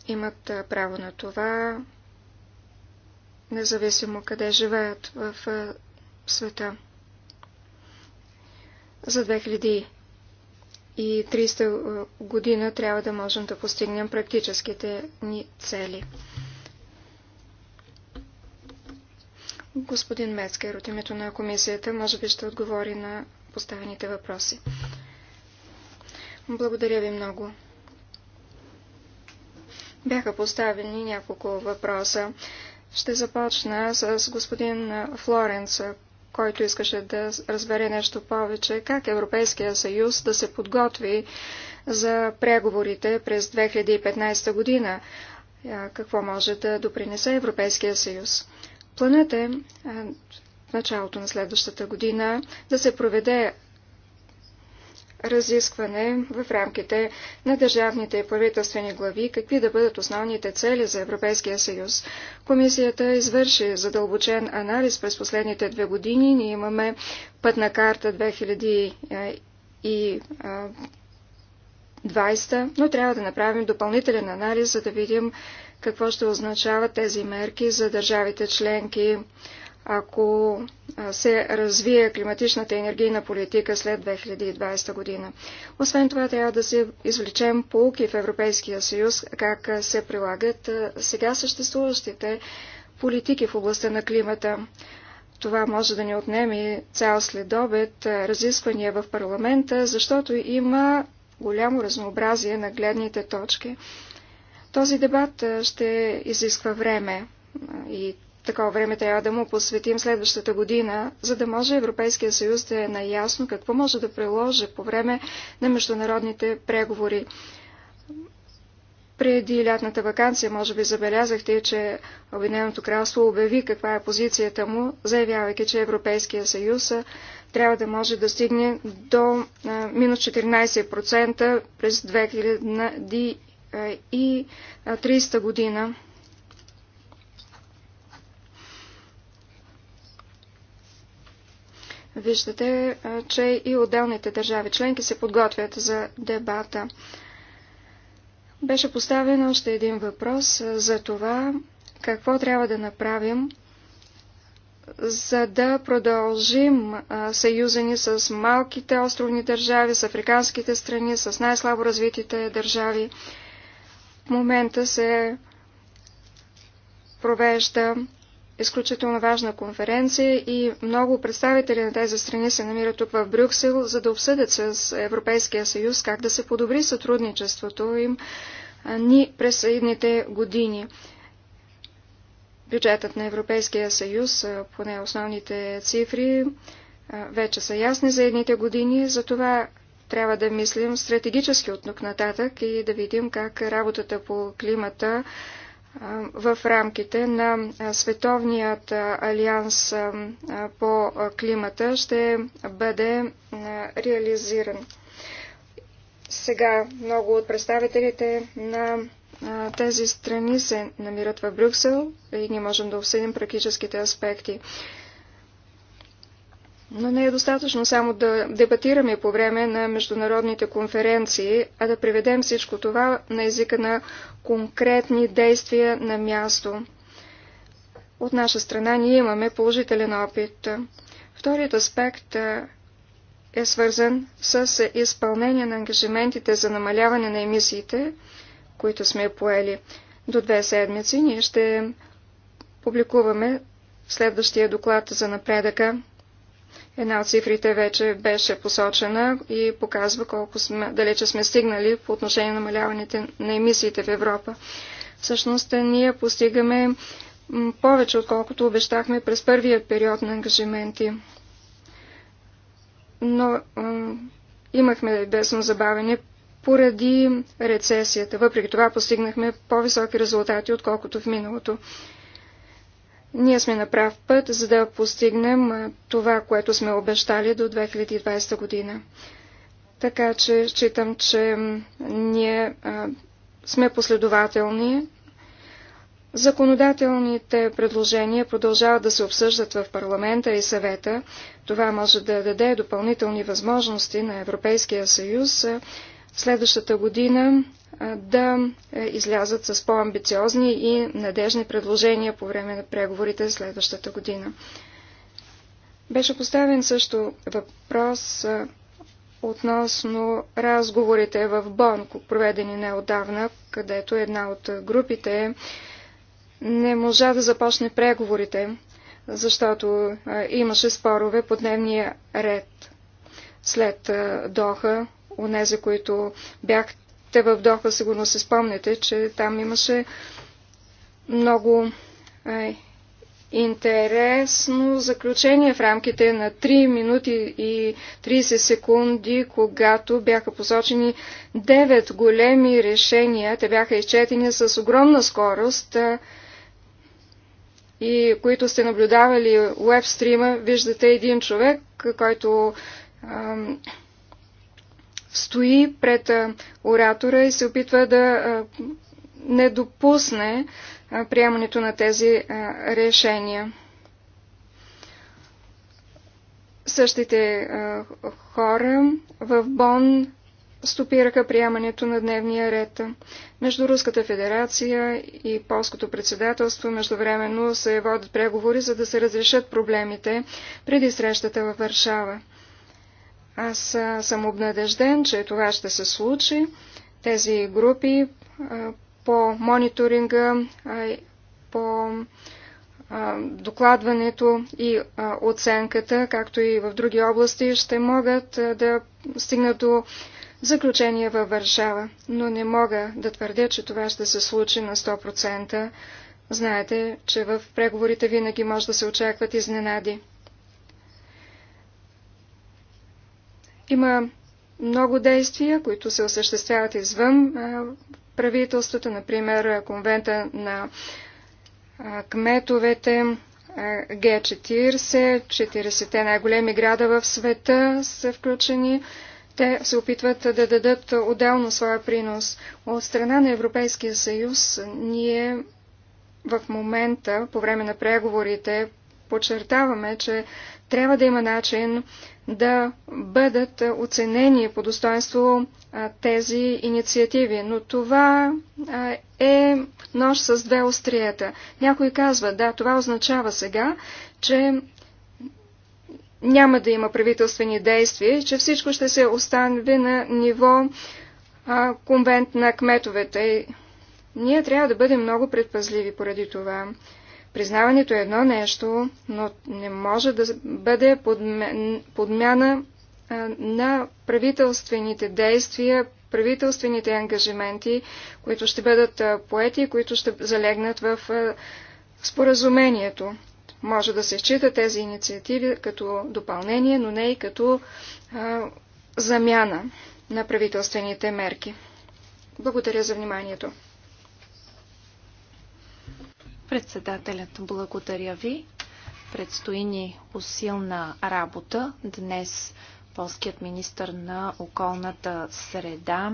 имат право на това, независимо къде живеят в света. За 2000 и 2030 е, година трябва да можем да постигнем практическите ни цели. Господин Мецкер от името на комисията може би ще отговори на поставените въпроси. Благодаря ви много. Бяха поставени няколко въпроса. Ще започна с господин Флоренс, който искаше да разбере нещо повече, как Европейския съюз да се подготви за преговорите през 2015 година, какво може да допринесе Европейския съюз. Планът е в началото на следващата година да се проведе разискване в рамките на държавните и правителствени глави, какви да бъдат основните цели за Европейския съюз. Комисията извърши задълбочен анализ през последните две години. Ние имаме пътна карта 2000 и 20, но трябва да направим допълнителен анализ, за да видим какво ще означават тези мерки за държавите членки ако се развие климатичната енергийна политика след 2020 година. Освен това, трябва да се извлечем полуки в Европейския съюз, как се прилагат сега съществуващите политики в областта на климата. Това може да ни отнеме цял следобед разисквания в парламента, защото има голямо разнообразие на гледните точки. Този дебат ще изисква време и такова време трябва да му посветим следващата година, за да може Европейския съюз да е наясно какво може да приложи по време на международните преговори. Преди лятната вакансия, може би забелязахте, че Обединеното кралство обяви каква е позицията му, заявявайки, че Европейския съюз трябва да може да стигне до минус 14% през 2030 година. Виждате, че и отделните държави членки се подготвят за дебата. Беше поставен още един въпрос за това какво трябва да направим, за да продължим съюзени с малките островни държави, с африканските страни, с най-слабо развитите държави. В момента се провежда изключително важна конференция и много представители на тези страни се намират тук в Брюксел, за да обсъдят с Европейския съюз как да се подобри сътрудничеството им ни през следните години. Бюджетът на Европейския съюз, поне основните цифри, вече са ясни за едните години, затова трябва да мислим стратегически от тук нататък и да видим как работата по климата в рамките на Световният алианс по климата ще бъде реализиран. Сега много от представителите на тези страни се намират в Брюксел и ние можем да обсъдим практическите аспекти. Но не е достатъчно само да дебатираме по време на международните конференции, а да приведем всичко това на езика на конкретни действия на място. От наша страна ние имаме положителен опит. Вторият аспект е свързан с изпълнение на ангажиментите за намаляване на емисиите, които сме поели. До две седмици ние ще публикуваме следващия доклад за напредъка Една от цифрите вече беше посочена и показва колко сме, далече сме стигнали по отношение на намаляването на емисиите в Европа. Всъщност е, ние постигаме повече, отколкото обещахме през първия период на ангажименти. Но имахме известно забавене поради рецесията. Въпреки това постигнахме по-високи резултати, отколкото в миналото. Ние сме на прав път, за да постигнем това, което сме обещали до 2020 година. Така че считам, че ние а, сме последователни. Законодателните предложения продължават да се обсъждат в парламента и съвета. Това може да даде допълнителни възможности на Европейския съюз. Следващата година да е, излязат с по-амбициозни и надежни предложения по време на преговорите следващата година. Беше поставен също въпрос относно разговорите в Бонко, проведени неодавна, където една от групите не можа да започне преговорите, защото имаше спорове по дневния ред. След Доха, у нези, които бяха те в Доха сигурно се спомняте, че там имаше много е, интересно заключение в рамките на 3 минути и 30 секунди, когато бяха посочени 9 големи решения. Те бяха изчетени с огромна скорост и които сте наблюдавали уебстрима, стрима виждате един човек, който стои пред оратора и се опитва да не допусне приемането на тези решения. Същите хора в Бон стопираха приемането на дневния ред. Между Руската федерация и Полското председателство междувременно се водят преговори, за да се разрешат проблемите преди срещата във Варшава. Аз съм обнадежден, че това ще се случи. Тези групи по мониторинга, по докладването и оценката, както и в други области, ще могат да стигнат до заключение във Варшава. Но не мога да твърдя, че това ще се случи на 100%. Знаете, че в преговорите винаги може да се очакват изненади. Има много действия, които се осъществяват извън правителството, например конвента на кметовете, Г-40, 40-те най-големи града в света са включени. Те се опитват да дадат отделно своя принос. От страна на Европейския съюз ние в момента, по време на преговорите, подчертаваме, че трябва да има начин да бъдат оценени по достоинство тези инициативи. Но това е нож с две остриета. Някой казва, да, това означава сега, че няма да има правителствени действия, че всичко ще се остане на ниво а, конвент на кметовете. Ние трябва да бъдем много предпазливи поради това. Признаването е едно нещо, но не може да бъде подмяна на правителствените действия, правителствените ангажименти, които ще бъдат поети и които ще залегнат в споразумението. Може да се счита тези инициативи като допълнение, но не и като замяна на правителствените мерки. Благодаря за вниманието. Председателят, благодаря ви. Предстои ни усилна работа. Днес полският министр на околната среда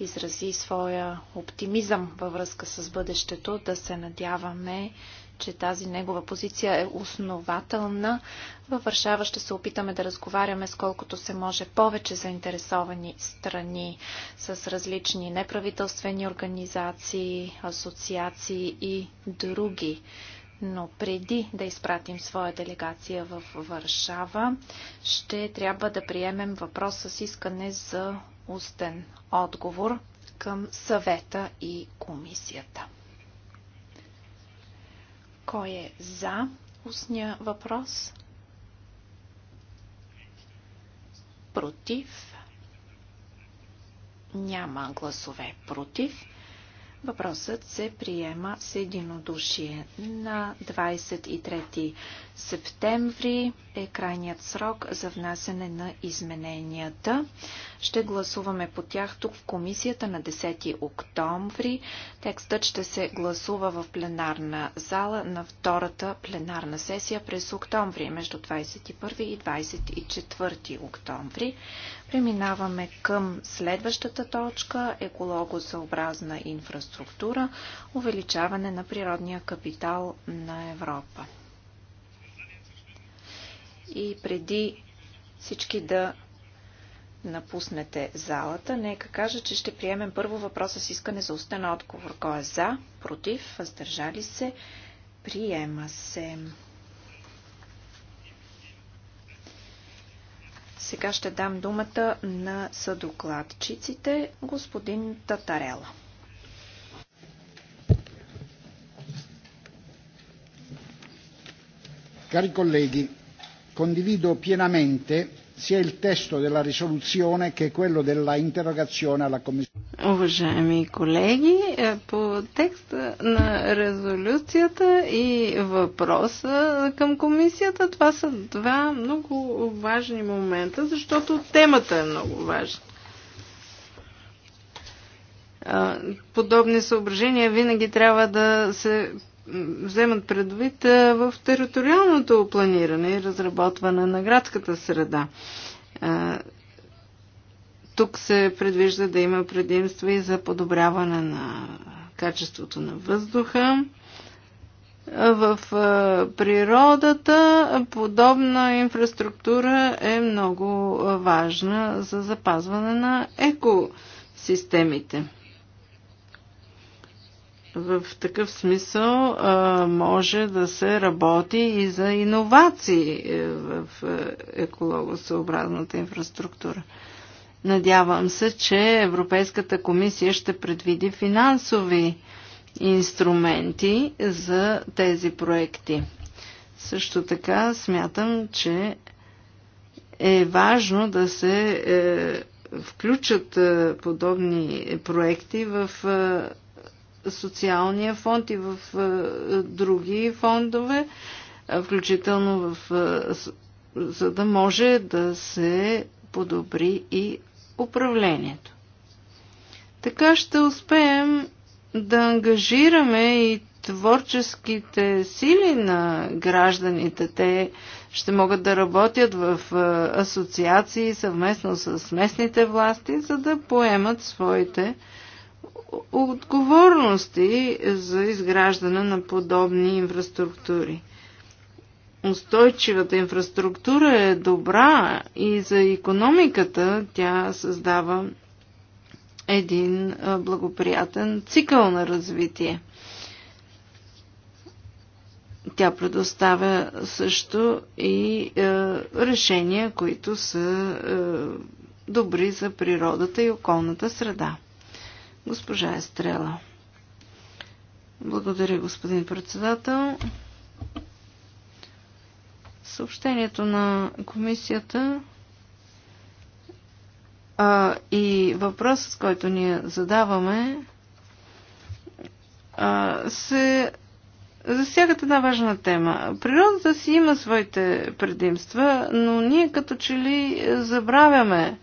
изрази своя оптимизъм във връзка с бъдещето. Да се надяваме, че тази негова позиция е основателна. Във Варшава ще се опитаме да разговаряме с колкото се може повече заинтересовани страни с различни неправителствени организации, асоциации и други. Но преди да изпратим своя делегация в Варшава, ще трябва да приемем въпрос с искане за устен отговор към съвета и комисията. Кой е за устния въпрос? Против? Няма гласове против. Въпросът се приема с единодушие. На 23 септември е крайният срок за внасене на измененията. Ще гласуваме по тях тук в комисията на 10 октомври. Текстът ще се гласува в пленарна зала на втората пленарна сесия през октомври, между 21 и 24 октомври. Преминаваме към следващата точка – екологосъобразна инфраструктура, увеличаване на природния капитал на Европа. И преди всички да напуснете залата, нека кажа, че ще приемем първо въпроса с искане за устен отговор. Кой е за, против, въздържали се, приема се. Сега ще дам думата на съдокладчиците, господин Татарела. Cari colleghi, condivido pienamente sia il testo della risoluzione che quello della interrogazione alla Commissione. Уважаеми колеги, е, по текста на резолюцията и въпроса към комисията, това са два много важни момента, защото темата е много важна. Е, подобни съображения винаги трябва да се вземат предвид в териториалното планиране и разработване на градската среда. Тук се предвижда да има предимства и за подобряване на качеството на въздуха. В природата подобна инфраструктура е много важна за запазване на екосистемите. В такъв смисъл може да се работи и за иновации е, в е, екологосъобразната инфраструктура. Надявам се, че Европейската комисия ще предвиди финансови инструменти за тези проекти. Също така смятам, че е важно да се е, включат е, подобни проекти в е, социалния фонд и в е, други фондове, включително в, е, за да може да се подобри и управлението. Така ще успеем да ангажираме и творческите сили на гражданите. Те ще могат да работят в е, асоциации съвместно с местните власти, за да поемат своите отговорности за изграждане на подобни инфраструктури. Устойчивата инфраструктура е добра и за економиката тя създава един благоприятен цикъл на развитие. Тя предоставя също и е, решения, които са е, добри за природата и околната среда. Госпожа Естрела. Благодаря, господин председател. Съобщението на комисията а, и въпросът, с който ние задаваме, а, се засягат една важна тема. Природата си има своите предимства, но ние като че ли забравяме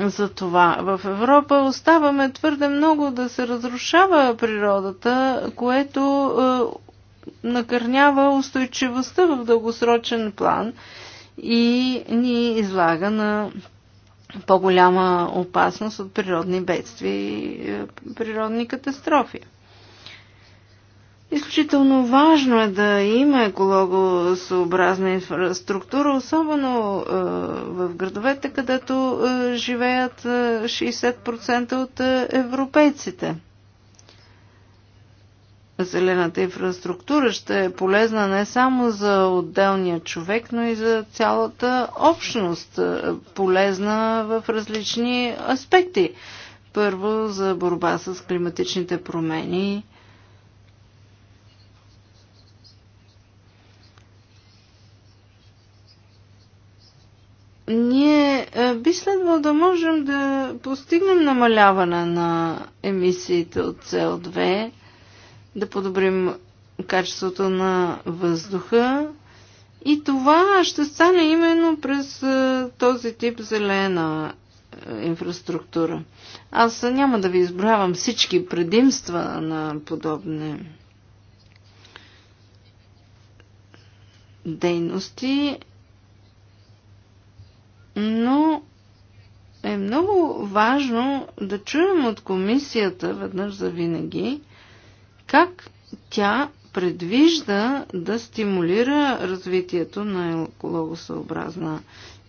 за това. В Европа оставаме твърде много да се разрушава природата, което е, накърнява устойчивостта в дългосрочен план и ни излага на по-голяма опасност от природни бедствия и е, природни катастрофи. Изключително важно е да има екологосъобразна инфраструктура, особено е, в градовете, където е, живеят е, 60% от е, европейците. Зелената инфраструктура ще е полезна не само за отделния човек, но и за цялата общност, е, полезна в различни аспекти. Първо за борба с климатичните промени ние е, би следвало да можем да постигнем намаляване на емисиите от СО2, да подобрим качеството на въздуха и това ще стане именно през е, този тип зелена е, инфраструктура. Аз няма да ви изброявам всички предимства на подобни дейности, но е много важно да чуем от комисията веднъж за винаги как тя предвижда да стимулира развитието на екологосъобразна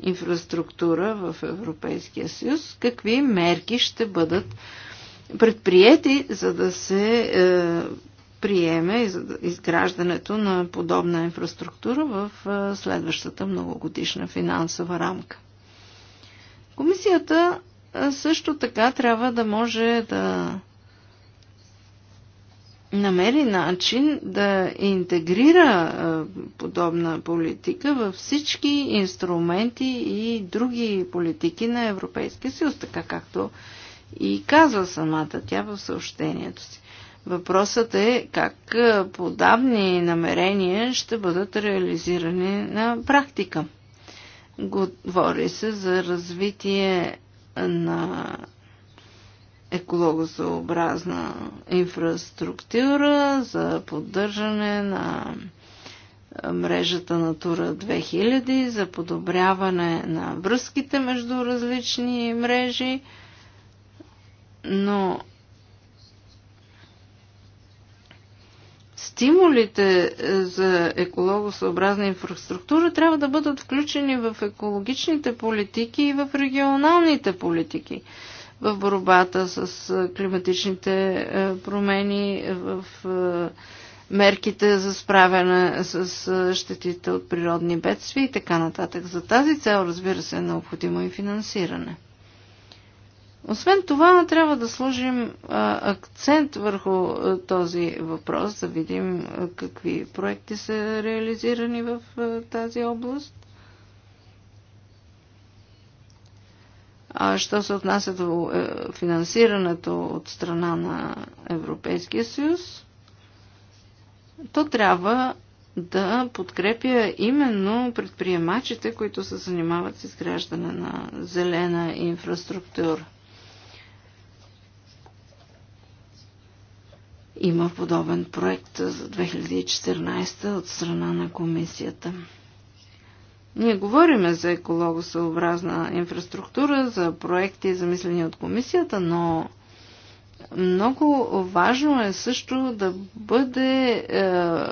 инфраструктура в Европейския съюз, какви мерки ще бъдат предприяти, за да се е, приеме изграждането на подобна инфраструктура в е, следващата многогодишна финансова рамка. Комисията също така трябва да може да намери начин да интегрира подобна политика във всички инструменти и други политики на Европейския съюз, така както и казва самата тя в съобщението си. Въпросът е как подобни намерения ще бъдат реализирани на практика. Говори се за развитие на екологосъобразна инфраструктура, за поддържане на мрежата Натура 2000, за подобряване на връзките между различни мрежи, но стимулите е, за екологосъобразна инфраструктура трябва да бъдат включени в екологичните политики и в регионалните политики. В борбата с е, климатичните е, промени, в мерките за справяне с щетите от природни бедствия и така нататък. За тази цел, разбира се, е необходимо и финансиране. Освен това, трябва да сложим акцент върху този въпрос, да видим какви проекти са реализирани в тази област. А що се отнася до е, финансирането от страна на Европейския съюз, то трябва да подкрепя именно предприемачите, които се занимават с изграждане на зелена инфраструктура. има подобен проект за 2014 от страна на комисията. Ние говориме за екологосъобразна инфраструктура, за проекти, замислени от комисията, но много важно е също да бъде е,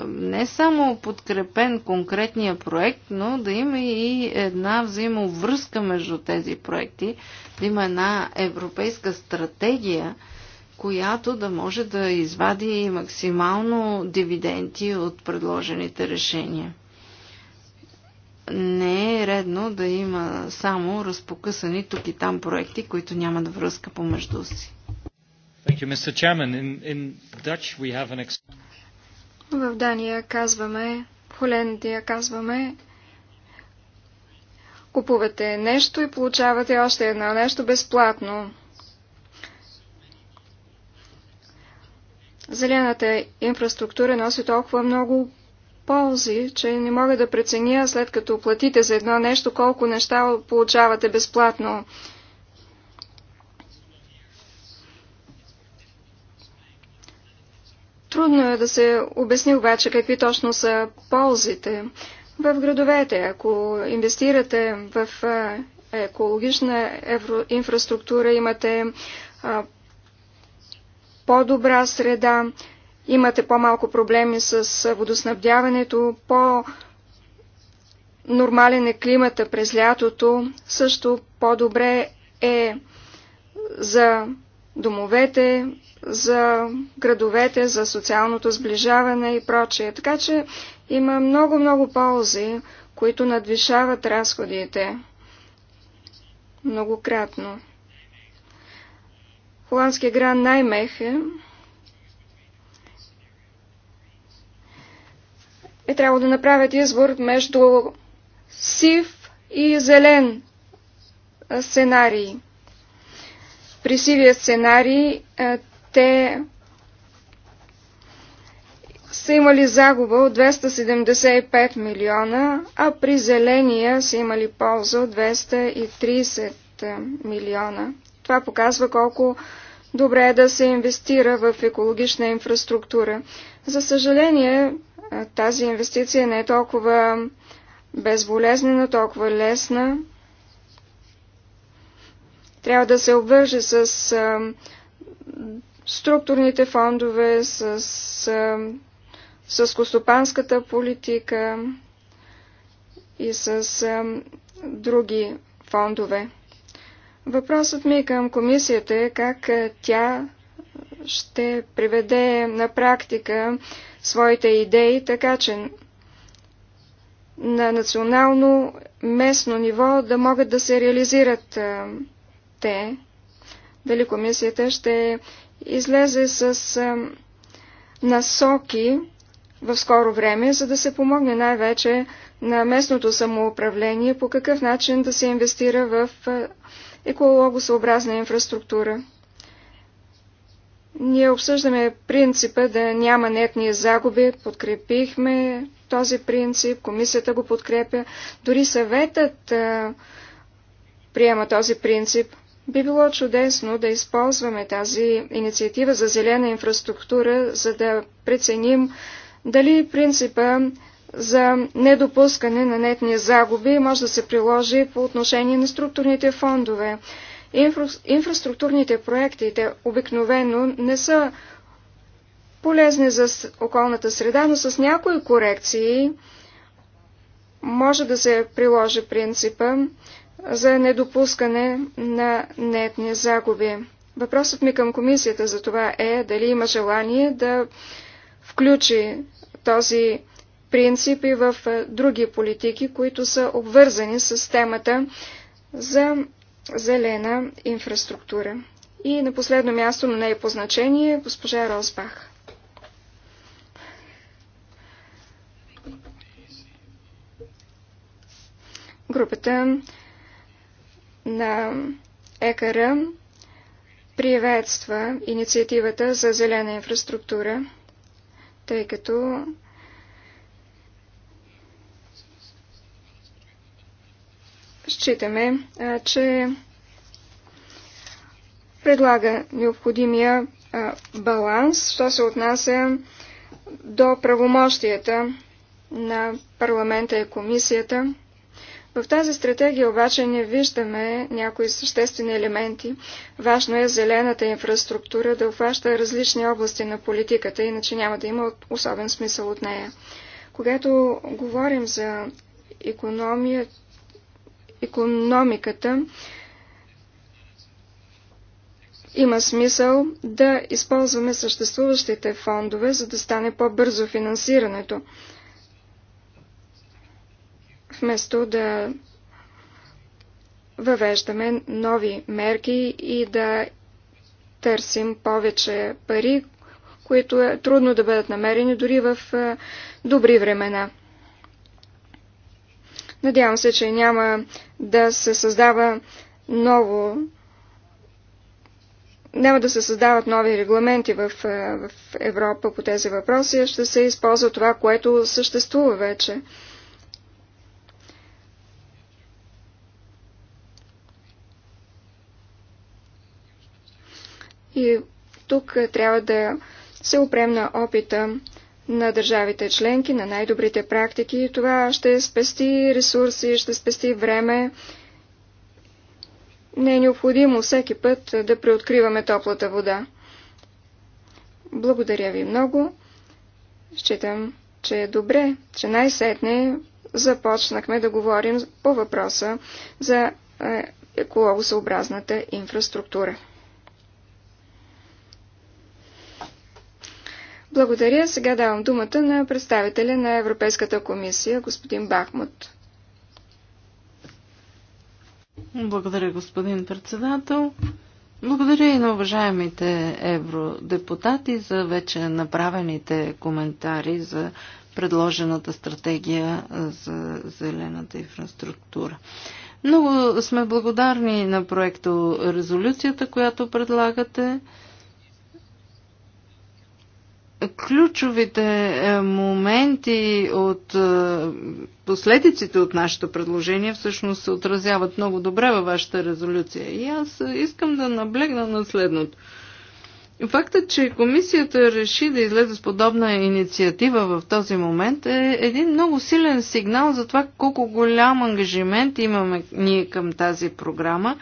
не само подкрепен конкретния проект, но да има и една взаимовръзка между тези проекти, да има една европейска стратегия, която да може да извади максимално дивиденти от предложените решения. Не е редно да има само разпокъсани тук и там проекти, които нямат връзка помежду си. В Дания казваме, в Холендия казваме, купувате нещо и получавате още едно нещо безплатно. Зелената инфраструктура носи толкова много ползи, че не мога да преценя след като платите за едно нещо, колко неща получавате безплатно. Трудно е да се обясни обаче какви точно са ползите. В градовете, ако инвестирате в екологична инфраструктура, имате по-добра среда, имате по-малко проблеми с водоснабдяването, по- нормален е климата през лятото, също по-добре е за домовете, за градовете, за социалното сближаване и прочее. Така че има много-много ползи, които надвишават разходите многократно холандския най Наймехе е трябвало да направят избор между сив и зелен сценарий. При сивия сценарий те са имали загуба от 275 милиона, а при зеления са имали полза от 230 милиона. Това показва колко добре е да се инвестира в екологична инфраструктура. За съжаление, тази инвестиция не е толкова безболезнена, толкова лесна. Трябва да се обвържи с структурните фондове, с, с, с костопанската политика и с други фондове. Въпросът ми към комисията е как е, тя ще приведе на практика своите идеи, така че на национално, местно ниво да могат да се реализират е, те. Дали комисията ще излезе с е, насоки в скоро време, за да се помогне най-вече на местното самоуправление по какъв начин да се инвестира в екологосъобразна инфраструктура. Ние обсъждаме принципа да няма нетни загуби, подкрепихме този принцип, комисията го подкрепя, дори съветът а, приема този принцип. Би било чудесно да използваме тази инициатива за зелена инфраструктура, за да преценим дали принципа за недопускане на нетни загуби може да се приложи по отношение на структурните фондове. Инфра... Инфраструктурните проекти те обикновено не са полезни за околната среда, но с някои корекции може да се приложи принципа за недопускане на нетни загуби. Въпросът ми към комисията за това е дали има желание да включи този принципи в други политики, които са обвързани с темата за зелена инфраструктура. И на последно място, но не е по значение, госпожа Росбах. Групата на ЕКР приветства инициативата за зелена инфраструктура, тъй като Считаме, че предлага необходимия баланс, що се отнася до правомощията на парламента и комисията. В тази стратегия обаче не виждаме някои съществени елементи. Важно е зелената инфраструктура да обхваща различни области на политиката, иначе няма да има особен смисъл от нея. Когато говорим за економията, економиката, има смисъл да използваме съществуващите фондове, за да стане по-бързо финансирането, вместо да въвеждаме нови мерки и да търсим повече пари, които е трудно да бъдат намерени дори в е, добри времена. Надявам се, че няма да се създава ново няма да се създават нови регламенти в, е, в Европа по тези въпроси, ще се използва това, което съществува вече. И тук трябва да се опрем на опита на държавите членки, на най-добрите практики. Това ще спести ресурси, ще спести време. Не е необходимо всеки път да преоткриваме топлата вода. Благодаря ви много. Считам, че е добре, че най-сетне започнахме да говорим по въпроса за е, екологосъобразната инфраструктура. Благодаря. Сега давам думата на представителя на Европейската комисия, господин Бахмут. Благодаря, господин председател. Благодаря и на уважаемите евродепутати за вече направените коментари за предложената стратегия за зелената инфраструктура. Много сме благодарни на проекто резолюцията, която предлагате ключовите е, моменти от е, последиците от нашето предложение всъщност се отразяват много добре във вашата резолюция. И аз искам да наблегна на следното. Фактът, че комисията реши да излезе с подобна инициатива в този момент е един много силен сигнал за това колко голям ангажимент имаме ние към тази програма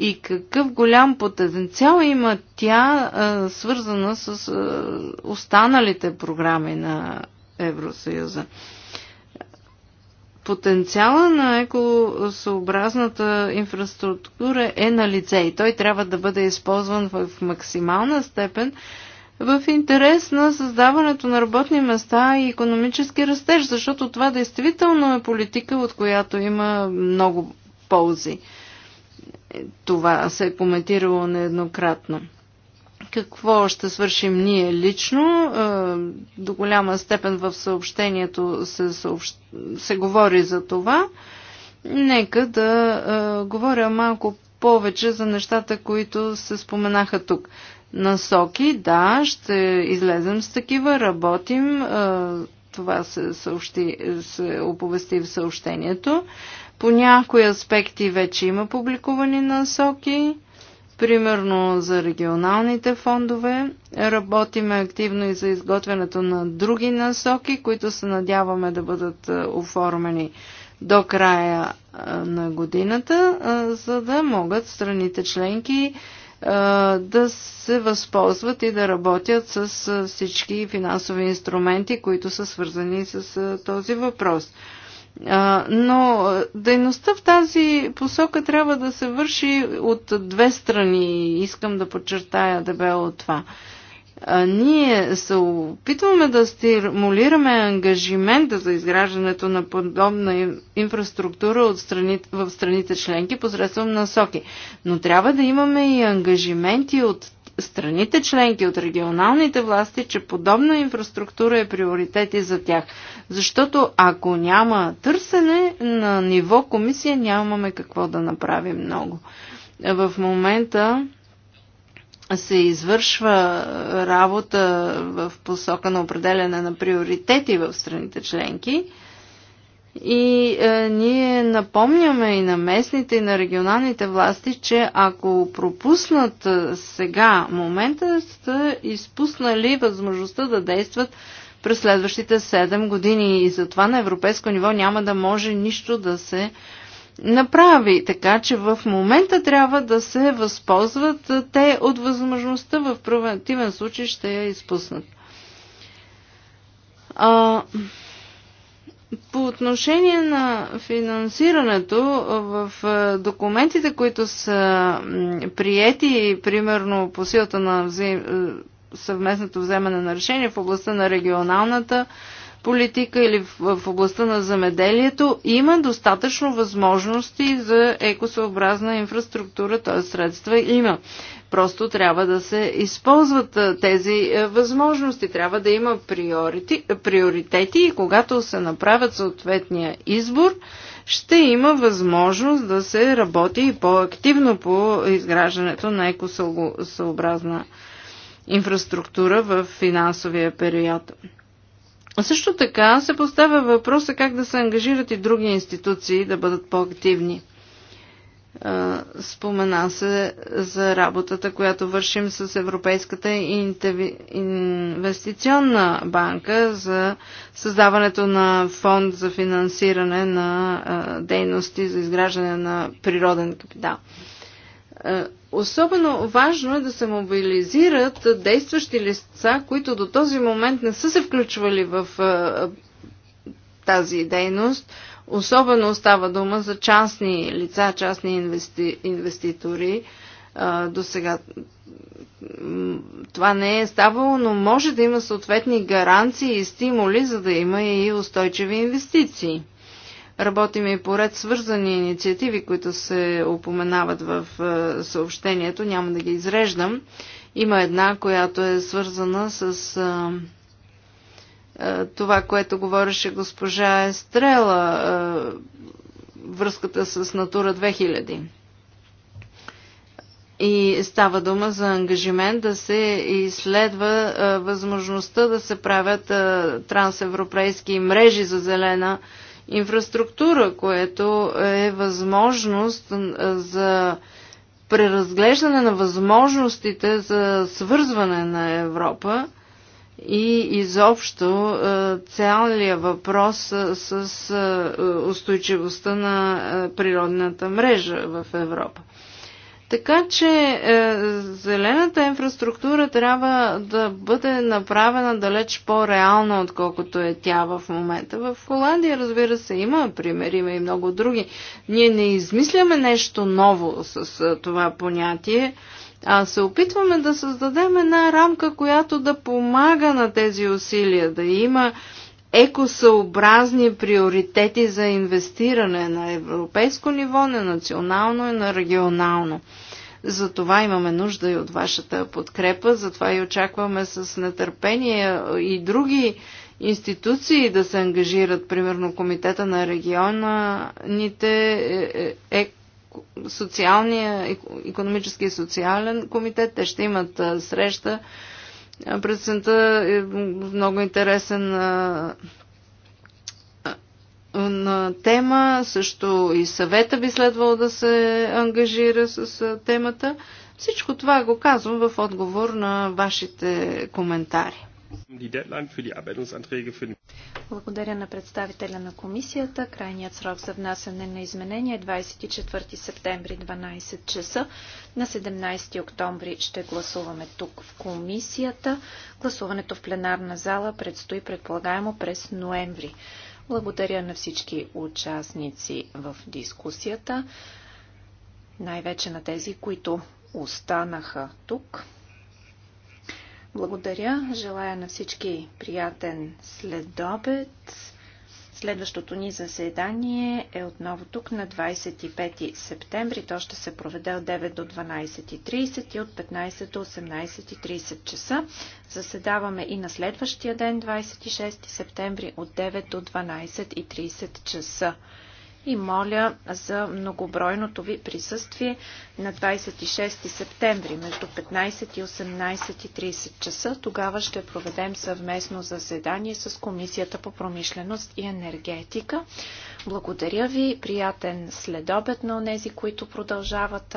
и какъв голям потенциал има тя, а, свързана с а, останалите програми на Евросъюза. Потенциала на екосъобразната инфраструктура е на лице и той трябва да бъде използван в максимална степен в интерес на създаването на работни места и економически растеж, защото това действително е политика, от която има много ползи. Това се е коментирало нееднократно. Какво ще свършим ние лично? Е, до голяма степен в съобщението се, съобщ... се говори за това. Нека да е, говоря малко повече за нещата, които се споменаха тук насоки, да, ще излезем с такива, работим. Е, това се, съобщи, се оповести в съобщението. По някои аспекти вече има публикувани насоки, примерно за регионалните фондове. Работиме активно и за изготвянето на други насоки, които се надяваме да бъдат е, оформени до края е, на годината, е, за да могат страните членки да се възползват и да работят с всички финансови инструменти, които са свързани с този въпрос. Но дейността в тази посока трябва да се върши от две страни. Искам да подчертая дебело това. Ние се опитваме да стимулираме ангажимента за изграждането на подобна инфраструктура от страни, в страните членки посредством насоки. Но трябва да имаме и ангажименти от страните членки, от регионалните власти, че подобна инфраструктура е приоритет и за тях. Защото ако няма търсене, на ниво комисия нямаме какво да направим много. В момента се извършва работа в посока на определене на приоритети в страните членки – и е, ние напомняме и на местните, и на регионалните власти, че ако пропуснат е, сега момента, са изпуснали възможността да действат през следващите 7 години. И затова на европейско ниво няма да може нищо да се направи. Така че в момента трябва да се възползват е, те от възможността, в превентивен случай ще я изпуснат. А, по отношение на финансирането, в документите, които са приети, примерно по силата на съвместното вземане на решение в областта на регионалната политика или в, в областта на замеделието, има достатъчно възможности за екосъобразна инфраструктура, т.е. средства има. Просто трябва да се използват тези възможности, трябва да има приорити, приоритети и когато се направят съответния избор, ще има възможност да се работи и по-активно по изграждането на екосъобразна инфраструктура в финансовия период. Също така се поставя въпроса как да се ангажират и други институции да бъдат по-активни. Спомена се за работата, която вършим с Европейската инвестиционна банка за създаването на фонд за финансиране на дейности за изграждане на природен капитал. Особено важно е да се мобилизират действащи лица, които до този момент не са се включвали в тази дейност. Особено става дума за частни лица, частни инвести, инвеститори. До сега това не е ставало, но може да има съответни гаранции и стимули, за да има и устойчиви инвестиции. Работим и поред свързани инициативи, които се упоменават в е, съобщението. Няма да ги изреждам. Има една, която е свързана с а, е, а, е, това, което говореше госпожа Естрела, а, връзката с Натура 2000. И става дума за ангажимент да се изследва а, възможността да се правят а, трансевропейски мрежи за зелена а, инфраструктура, което е възможност за преразглеждане на възможностите за свързване на Европа и изобщо е, цялият въпрос с е, устойчивостта на е, природната мрежа в Европа. Така че е, зелената инфраструктура трябва да бъде направена далеч по-реална, отколкото е тя в момента. В Холандия, разбира се, има примери, има и много други. Ние не измисляме нещо ново с с е, това понятие, а се опитваме да създадем една рамка, която да помага на тези усилия, да има екосъобразни приоритети за инвестиране на европейско ниво, на национално и на регионално. За това имаме нужда и от вашата подкрепа, затова и очакваме с нетърпение и други институции да се ангажират, примерно Комитета на регионите, е, е, е, социалния, економически и социален комитет. Те ще имат среща Президента е много интересен на, на тема, също и съвета би следвало да се ангажира с темата. Всичко това го казвам в отговор на вашите коментари. Благодаря на представителя на комисията. Крайният срок за внасяне на изменения е 24 септември 12 часа. На 17 октомври ще гласуваме тук в комисията. Гласуването в пленарна зала предстои предполагаемо през ноември. Благодаря на всички участници в дискусията, най-вече на тези, които останаха тук. Благодаря. Желая на всички приятен следобед. Следващото ни заседание е отново тук на 25 септември. То ще се проведе от 9 до 12.30 и от 15 до 18.30 часа. Заседаваме и на следващия ден, 26 септември, от 9 до 12.30 часа и моля за многобройното ви присъствие на 26 септември между 15 и 18.30 часа. Тогава ще проведем съвместно заседание с Комисията по промишленост и енергетика. Благодаря ви, приятен следобед на онези, които продължават